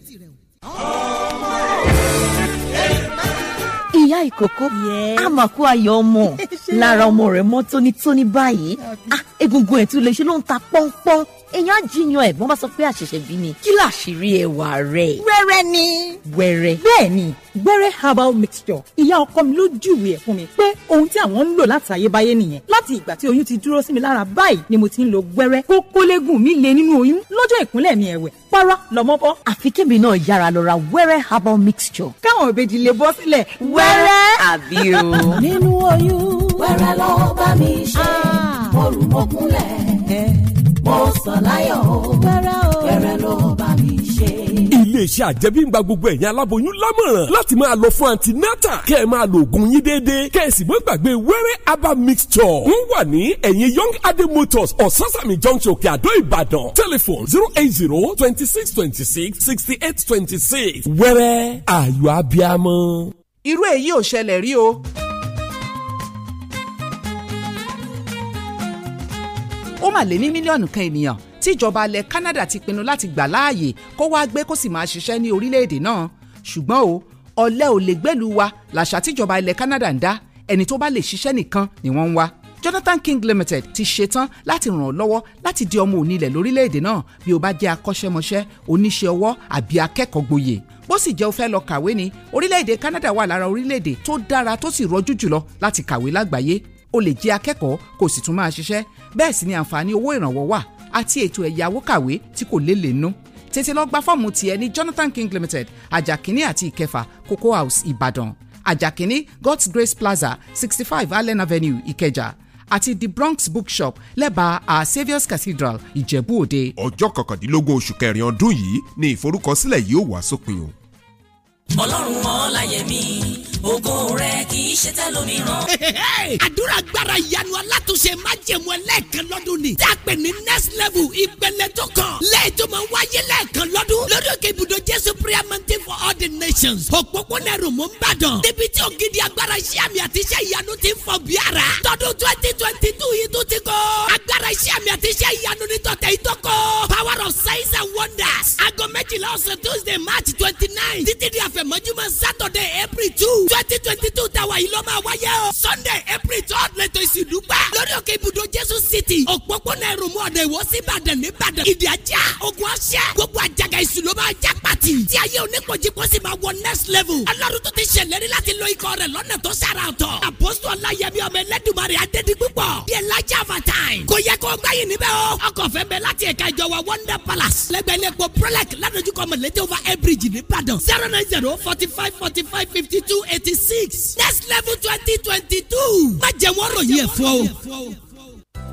ìyá ìkókó àmàkù ayọ̀ ọmọ (laughs) lára ọmọ rẹ̀ mọ́ tónítóní báyìí ah, egungun ẹ̀ tún lè ṣe ló ń ta pọ́npọ́n èèyàn jiyàn ẹ̀gbọ́n bá sọ pé àṣẹ̀ṣẹ̀ bí ni kí làṣírí ẹwà rẹ̀. wẹ́rẹ́ ni. wẹ́rẹ́. bẹ́ẹ̀ ni wẹ́rẹ́ herbal mixture ìyá ọkọ mi ló júwe ẹ̀ fún mi pé ohun tí àwọn ń lò láti àyébáyé nìyẹn láti ìgbà tí oyún ti dúró sí mi lára báyìí ni mo ti ń lo wẹ́rẹ́ kókólégùn mi lè nínú oyún lọ́jọ́ ìkúnlẹ̀ mi ẹ̀wẹ̀ para lọ́mọ bọ́. àfi kébì náà yára lọ ra wẹ́rẹ́ herbal mixture. káwọn òbejì lè bọ́ sílẹ̀ wẹ́rẹ́. àbí o. nínú oyún wẹ́rẹ́ lọ bá mi ṣe ah. mo rù mọ́kúnlẹ̀ mo sọ láyọ̀ o fẹ́rẹ́ o fẹ́rẹ́ ló bá mi ṣe. iléeṣẹ́ àjẹmíngba gbogbo ẹ̀yin aláboyún lámọ̀ràn láti máa lọ fún antinata kẹ́ ẹ máa lo oògùn yín déédéé kẹ́ ẹ sì mọ́ wẹ́rẹ́ aba mixture wọ́n wà ní ẹ̀yìn young adé motors ososami junction òkè àdó ìbàdàn telephone zero eight zero twenty six twenty six sixty eight twenty six wẹ́rẹ́ ayọ̀ abiamọ. irú èyí ò ṣẹlẹ̀ rí o. mà lé ní mílíọ̀nù kan ènìyàn tí ìjọba ilẹ̀ Canada ti pinnu láti gbà láàyè kó wá gbé kó sì máa ṣiṣẹ́ ní orílẹ̀-èdè náà ṣùgbọ́n o ọ̀lẹ ò lè gbẹ́lu wa làṣà tíjọba ilẹ̀ Canada ń dá ẹni tó bá lè ṣiṣẹ́ nìkan ni wọ́n ń wá Jonathan King Limited ti ṣetán láti ràn ọ́ lọ́wọ́ láti di ọmọ onílẹ̀ lórílẹ̀‐èdè náà bí o bá jẹ́ akọ́ṣẹ́mọṣẹ́ oníṣẹ́ ọwọ́ àbí akẹ́kọ̀ọ́ gboyè bó sì jẹ́ o fẹ́ lọ kàwé ní orílẹ̀‐èdè Canada wà lára orílẹ̀‐èdè tó dára tó sì rọjú jùlọ láti kàwé lágbàáyé o lè jẹ́ akẹ́kọ̀ọ́ kò sì tún máa ṣiṣẹ́ bẹ́ẹ̀ sì ni àǹfààní owó ìrànwọ́ wà àti ètò ẹ̀yáwó kàwé tí kò lélẹ̀ nú tètè lọ gba fọ́ọ̀mù tiẹ̀ ní Jonathan King Limited ajakini àti ìkẹfà Cocoa House Ìbàdàn ajakini God's Grace Plaza sixty five Allen Avenue Ìkẹjà àti the Bronx Bookshop lẹ́bàá Our Saviour's Cathedral Ìjẹ̀bú Òde. ọjọ́ kọkàndínlógún oṣù kẹrin ọdún yìí ni ìforúkọsílẹ̀ yìí ó wá sópin o ọlọ́run ọláyẹmí ògo rẹ kì í ṣe tẹlòmíràn. àdúrà gbára ìyanu alátúnṣe májèmú ẹlẹ́ẹ̀kan lọ́dún ni. tí a pè ní next level ìpele tó kàn. lẹ́ẹ̀tọ́ máa ń wáyé lẹ́ẹ̀kan lọ́dún. lórí òkè ibùdó jésù prayer for all the nations. òpópónà ẹ̀rù mú ń bàdàn. níbi tí ògidì agbára iṣẹ́ àmì àti iṣẹ́ ìyanu ti ń fọ bí ara. tọdún twenty twenty two yìí tún ti kọ́. agbára iṣẹ́ àmì àti iṣẹ́ ìyanu ni tọ̀tẹ̀ yìí tó kọ́. power of signs and wonders. aago méjìlá ọ̀sán tuesday march twenty nine títí di àfẹ̀mọ́júmọ́ Saturday April two twenty twenty two tàwa yìí ló máa wáyé o Sunday April third lẹ́tọ̀ ìsìndúgba lórí òkè ibùdó Jésù City òpópónà ẹ̀rùmú ọ̀nà ìwọ sí Ìbàdàn ní Ìbàdàn ìdí ajá ogun ọ̀ṣẹ́ gbogbo àjàgà ìsù ló máa já pàtì tí ayé oníkojúkọ sì máa wọ next level Ọlọ́run tó ti ṣèlérí láti lo ikọ̀ rẹ̀ lọ́nà tó sára ọ̀tọ̀ àpòsù ọláyẹmí ọmọ ẹlẹ́dùnmarè adédìgbùpọ̀ the elijah of a time kò yẹ kó gbáyé níbẹ̀ o ọkọ̀ fẹ́ bẹ́ẹ̀ láti ẹ̀ka ìjọ wa Wonder Palace lẹ́gbẹ̀ẹ́ lẹ́kọ̀ọ́ prolec ládojúkọ mọ̀lẹ́tẹ̀ over air bridge ní Ìbàdàn zero nine zero zero forty five forty five fifty two eighty six next level twenty twenty two májẹ̀wọ́rọ̀ yẹ fọ́ o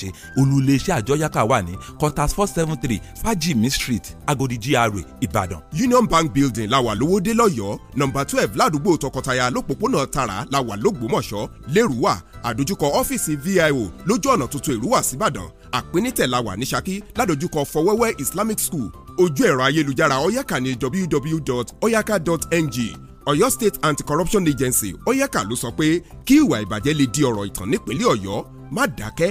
ṣe olùléṣẹ́ àjọyàká wà ní contact four seven three fajimi street agodi gra ìbàdàn. union bank building làwà lówódé lọ́yọ́ọ́ nọ́mbà twelve ládùúgbò tọkọtaya lọ́pọ̀pọ̀nà tara làwà lọ́gbọ́mọ̀ṣọ́ lẹ́rùwà àdójúkọ ọ́fíìsì vio lójú ọ̀nà tuntun ìrúwà síbàdàn àpínítẹ̀ làwà ní ṣakí ládójúkọ fọwẹ́wẹ́ islamic school ojú ẹ̀rọ ayélujára oyaka ni www.oyaka.ng Ọ̀yọ́ State Anti-Corruption Agency oyaka ló sọ pé kí ìwà ìbàjẹ́ lè di ọ̀rọ̀ ìtàn nípínlẹ̀ Ọ̀yọ́ má dákẹ́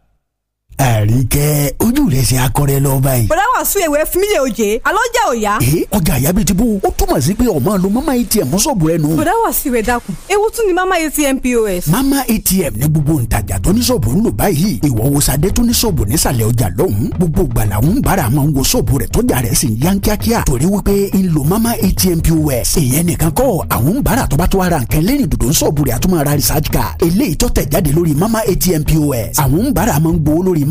àríkẹ́ ojú rẹ̀ ṣe akọrẹ lọ báyìí. bọ̀dá wà sún ewé fún mi lè oje alọ́jà òya. ee ọjà àyà bíi ti bó túmọ̀ sí pé ọmọ lo mama atm sọ̀bù rẹ nù. bọ̀dá wà sí ìwé dákun ewu tún ni mama atm pos. mama atm ní gbogbo ntajà tó ní sọ̀bù ń lò báyìí ìwọ wo sadé tó ní sọ̀bù nísàlẹ̀ ọjà lọ́hùn gbogbo gbala ń bára máa ń wo sọ̀bù rẹ̀ tọ́jà rẹ̀ sì ń yan kíákíá torí mama atm pos. èèyàn nìkan kọ́ àwọn bára tó bá tó ara nǹkan lẹ́yìn dòdò ń sọ̀bù rẹ̀ àtúmọ̀ ara research mama atm pos. àwọn bára máa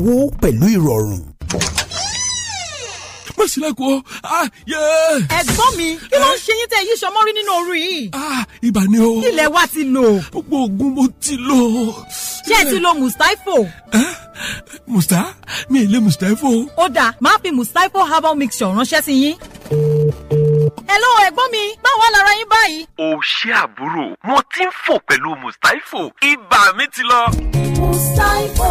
owó pẹ̀lú ìrọ̀rùn má sí lẹ́kọ̀ọ́. Ah, ẹ̀gbọ́n mi kí ló ń ṣe yín tẹ́ yí sọmọ́rí nínú òru yìí. Ah, ibà ni o. ilẹ̀ wa ti lò. gbogbo oògùn mo ti lò. ṣé ẹ ti lo mustapho. musta mi ì lé mustapho. ó dáa máa fi mustapho herbal mixture ránṣẹ́ sí yín. Hello ẹ̀gbọ́n mi, báwo lára yín báyìí? O ṣé àbúrò, wọ́n ti ń fò pẹ̀lú Mustapho. Ibà mi ti lọ. Mustapho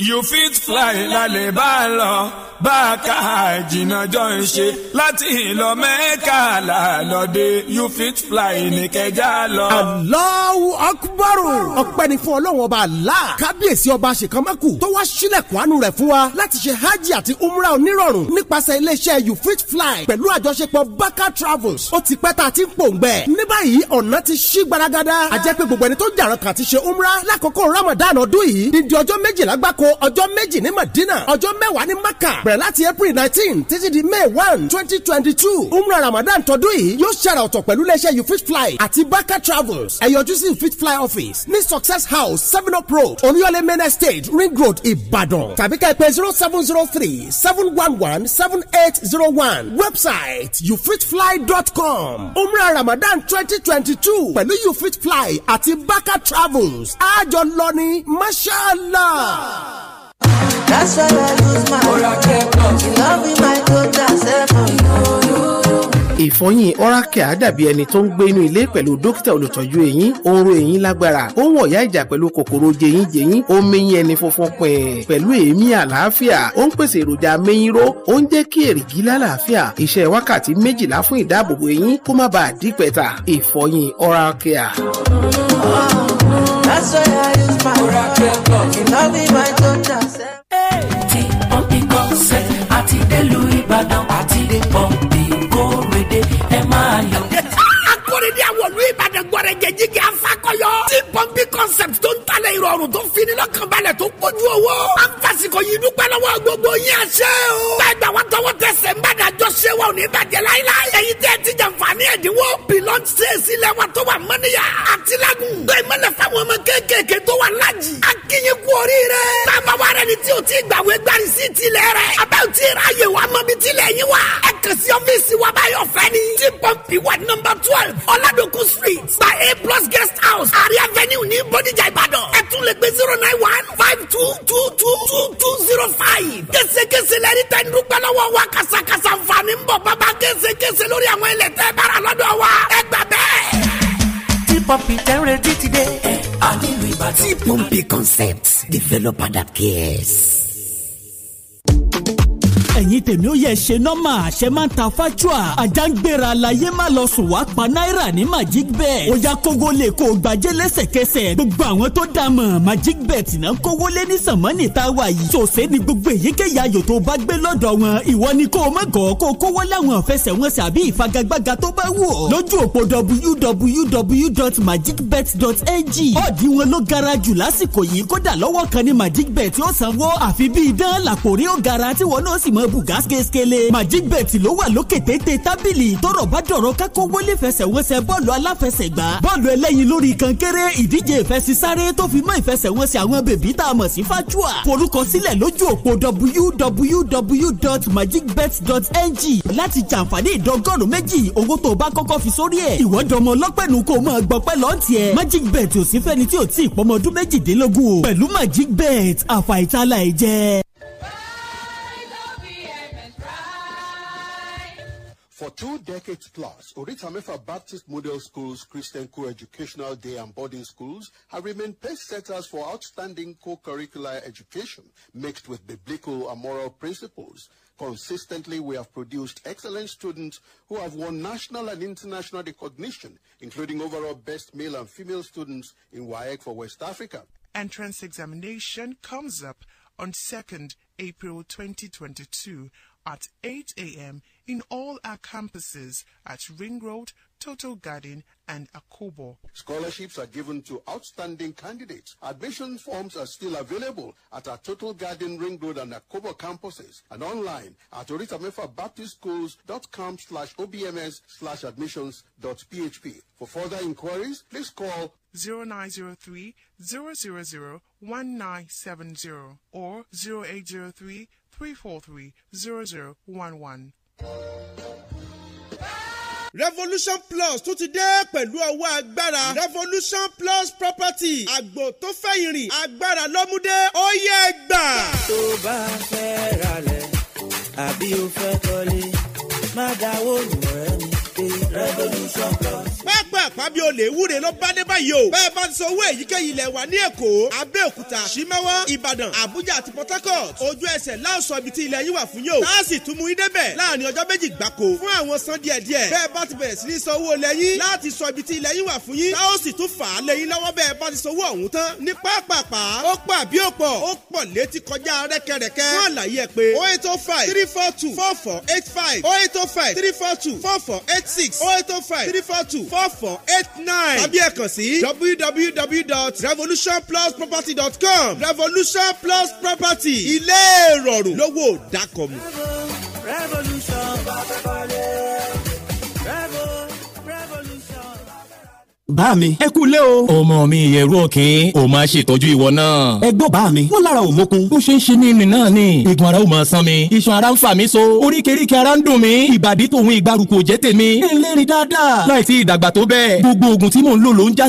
you fit fly lálẹ́ bá a lọ bá a ká àjìnà jọ ń ṣe láti ìlọ mẹ́ka làlọ́dẹ you fit fly ní kẹjá lọ. Allahu Akbar ọpẹ́ ni fún ọlọ́run ọba Allah kábíyèsí ọba àṣekánmẹ́kù tó wá sílẹ̀kùn àánú rẹ̀ fún wa láti ṣe hajj àti umrah onírọ̀rùn nípasẹ̀ iléeṣẹ́ you fit fly pẹ̀lú àjọṣepọ̀ baka travels ó ti pẹ́ tá a ti ń pòǹgbẹ ní báyìí ọ̀nà ti ṣí gbaragada àjẹpẹ́ gbogbo ẹni tó jàrọ̀ kà ti ṣe umrah lákòókò Ramadan ọdún yìí ní di ọjọ́ méjìlá gbáko gbogbo ọjọ́ méjì ní Madina ọjọ́ mẹ́wàá ní Maka bẹ̀rẹ̀ láti April nineteen títí di May one twenty twenty two umrah Ramadan tọdún yìí yóò ṣàrà ọ̀tọ̀ pẹ̀lú iléeṣẹ́ you fit fly àti Baka travels ẹ̀yọjú sí you fit fly office ní Success House seven up road Oníyọ̀lé main estate Ring Road Ìbàdàn tàbí ká ẹ pè zero seven zero three seven one one seven eight zero one website youfitfly.com Umra Ramadan twenty twenty two pẹ̀lú you fit fly àti Baka travels àjọ lọ ní mashallah. That's why I lose my mind. You love me, my daughter, seven. You know you. ìfọyín ọ́rákẹ́à dàbí ẹni tó ń gbé inú ilé pẹ̀lú dókítà olùtọ́jú eyín oró eyín lágbára ó ń wọ̀yá ìjà pẹ̀lú kòkòrò jẹyín jẹyín ó mẹyín ẹni funfun pẹ̀ẹ́ pẹ̀lú èémí àlàáfíà ó ń pèsè èròjà mẹyìnró ó ń jẹ́ kí èrìgì lálàáfíà iṣẹ́ wákàtí méjìlá fún ìdáàbòbò eyín kó má bàa dípẹ̀ta ìfọyín ọ́rákẹ́à. That's why I use my Oracle Plus. You love me, my daughter. Tí pọ́ǹpì kọ́nsẹ̀ àti délùú Ìbàdàn àti pọ́ǹpì kórèdè ẹ máa lọ. Ah, Akórèdè àwọ̀lú Ìbàdàn gbọ́dọ̀ jẹ́ jíjẹ́ afákọ́ pọ́ńpì concept tó ń talẹ̀ ìrọ̀rùn tó fini lọ́kànbalẹ̀ tó kojú owó. a ń fasikọ yìí dúpẹ́ lọ́wọ́ gbogbo yín àṣẹ o. gbàgbà wa tọwọ́ tẹsẹ̀ ńbàdà jọ ṣé wa ò ní bàjẹ́ láíláí. èyí tẹ́ ti jàǹfààní ẹ̀dínwó. pilọ́n ṣe é sílẹ̀ wa tó wà mọ́níyà. àti lágùn. bẹ́ẹ̀ mẹ́lẹ̀ fáwọn ọmọ kéékèèké tó wà lájì. a kì í kú oríire. bàbá wa rẹ ni tí o ti gbàwé gbàrí sí tilẹ̀ rẹ. abẹ́ ò ti ra yè wa mọ bí tilẹ̀ yín wa. ẹ kàn sí ọ́fíìsì wa báyọ̀ fẹ́ ni. ti pọ́ǹpì wa nọ́mbà twelve ọ̀làdọ̀kù street by a plus guest house àríyá avenue ní bọ́díjà ìbàdàn ẹ tún lè gbé zero nine one five two two two two two zero five. késekése lẹ́ni tẹ́ ní dúpẹ́ lọ́wọ́ wa kàṣàkàṣà nfààní ń bọ̀ bàbá késekése lórí àwọn ilẹ̀ tẹ́ bára lọ́dọ̀ wa ẹ gbà bẹ́ẹ̀. tí pọ́ǹpì tẹ́ ń retí ti dé. ẹ a ìbàdàn. tí pọ́ǹpì concepts developer that cares ẹ̀yin tèmi ó yẹ ṣe nọ́mà àṣẹ máa ń ta fájúà ajá ń gbéra láyé má lọ sùn wá pa náírà ní magic bet ó yá kógó lè kó o gbàjẹ́ lẹ́sẹ̀kẹsẹ̀ gbogbo àwọn tó dá mọ̀ magic bet náà kówó lé ní sànmọ́nì tá a wà yìí ṣòṣe ni gbogbo èyíkéyà ayò tó bá gbé lọ́dọ̀ wọn ìwọ ni kó o má gọ̀ kó o kówó láwọn ìfẹsẹ̀wọnsẹ̀ àbí ìfagagbága tó bá wù ọ́ lójú òpó www.magicbet.ng ọ̀dì wọn ló gara jù lásìkò yìí kódà lọ́wọ́ kan ní magic bet yóò sanwó àfi bíi dán làkòrí ó gara tí wọn náà sì mọ ìgbìmọ̀ bùgás kéékèèlé magic bet ló wà lókè téńté tábìlì tọ́rọ̀ bá dọ̀rọ̀ kákó wọlé fẹsẹ̀wọnsẹ̀ bọ́ọ̀lù aláfẹsẹ̀gbá bọ́ọ̀lù ẹlẹ́yin lórí kankéré ìdíje ìfẹsísáré tó fi mọ́ ìfẹsẹ̀wọnsẹ̀ àwọn bèbí tá a mọ̀ sí fájúà forúkọsílẹ̀ lójú òpó www.magicbets.ng láti jàǹfààní ìdọ́gọ́rùn méjì owó tó bá kọ́kọ́ fi sórí ẹ̀ ìwọ́dọ̀mọ lọ́pẹ̀nu kò mọ̀ gbọ́pẹ́ lọ́ọ̀tì magic bet ò sí fẹ́ni tí ò tí ì pọ́mọ magic bet àfàìtálà ẹ̀jẹ̀. For two decades plus, Oritamefa Baptist Model Schools, Christian Co-Educational Day and Boarding Schools have remained pace setters for outstanding co-curricular education mixed with biblical and moral principles. Consistently, we have produced excellent students who have won national and international recognition, including overall best male and female students in WAEC for West Africa. Entrance examination comes up on 2nd April 2022 at 8 a.m. in all our campuses at Ring Road, Total Garden, and Akobo. Scholarships are given to outstanding candidates. Admission forms are still available at our Total Garden, Ring Road, and Akobo campuses and online at oritamefabaptistschools.com slash obms slash admissions. dot php. For further inquiries, please call 0903 000 1970 or 0803 343 0011. Revolution Plus tún ti dé pẹ̀lú ọwọ́ agbára. Revolution Plus Property àgbò tó fẹ́ ìrìn agbára lọ́múdé ó yẹ gbà. Tó bá fẹ́ ralẹ̀ àbí o fẹ́ kọ́lé, má dáwọ́ lù ẹ́ ní pé Revolution Plus àpábí olè wúre ló bá dé báyìí o. bẹ́ẹ̀ bá ti sọ owó èyíkéyìí ilẹ̀ wa ní èkó abẹ́òkúta simawa ìbàdàn àbújá àti port harcourt ojú ẹsẹ̀ láòsọ ibi tí ilẹ̀ yín wà fún yóò. táàsì tún mú idébẹ̀ láàrin ọjọ́ méjì gbáko fún àwọn san díẹ̀ díẹ̀. bẹ́ẹ̀ bá ti bẹ̀rẹ̀ sí ní sọ owó lẹ́yìn láti sọ ibi tí ilẹ̀ yín wà fún yín. táòsì tún fà á lẹ́yìn oh oh three four two four four eight five oh four four eight six oh eight oh five three four two four four four eight nine tàbí ẹ sí www.revolutionplusproperty.com revolution plus property ilé ìrọ̀rùn lówó dákọ̀mù. revolution bá fẹ́ kọ́lé. bá mi. ẹ kú lé o. ọmọ mi ìyẹ̀rú òkín o máa ṣètọ́jú ìwọ náà. ẹ gbọ́ bá mi. wọ́n lára ò mókun. ó ṣe ń ṣe ní ìrìn náà ni. igun ara ò máa san mi. iṣan ara ń fà mí so. oríkèéríkèé ara ń dùn mí. ìbàdí tòun ìgbàrúkọ jẹ́ tèmi. ẹlẹ́rìí dáadáa. láì ìdàgbà tó bẹ́ẹ̀. gbogbo oògùn tí mò ń lò ló ń já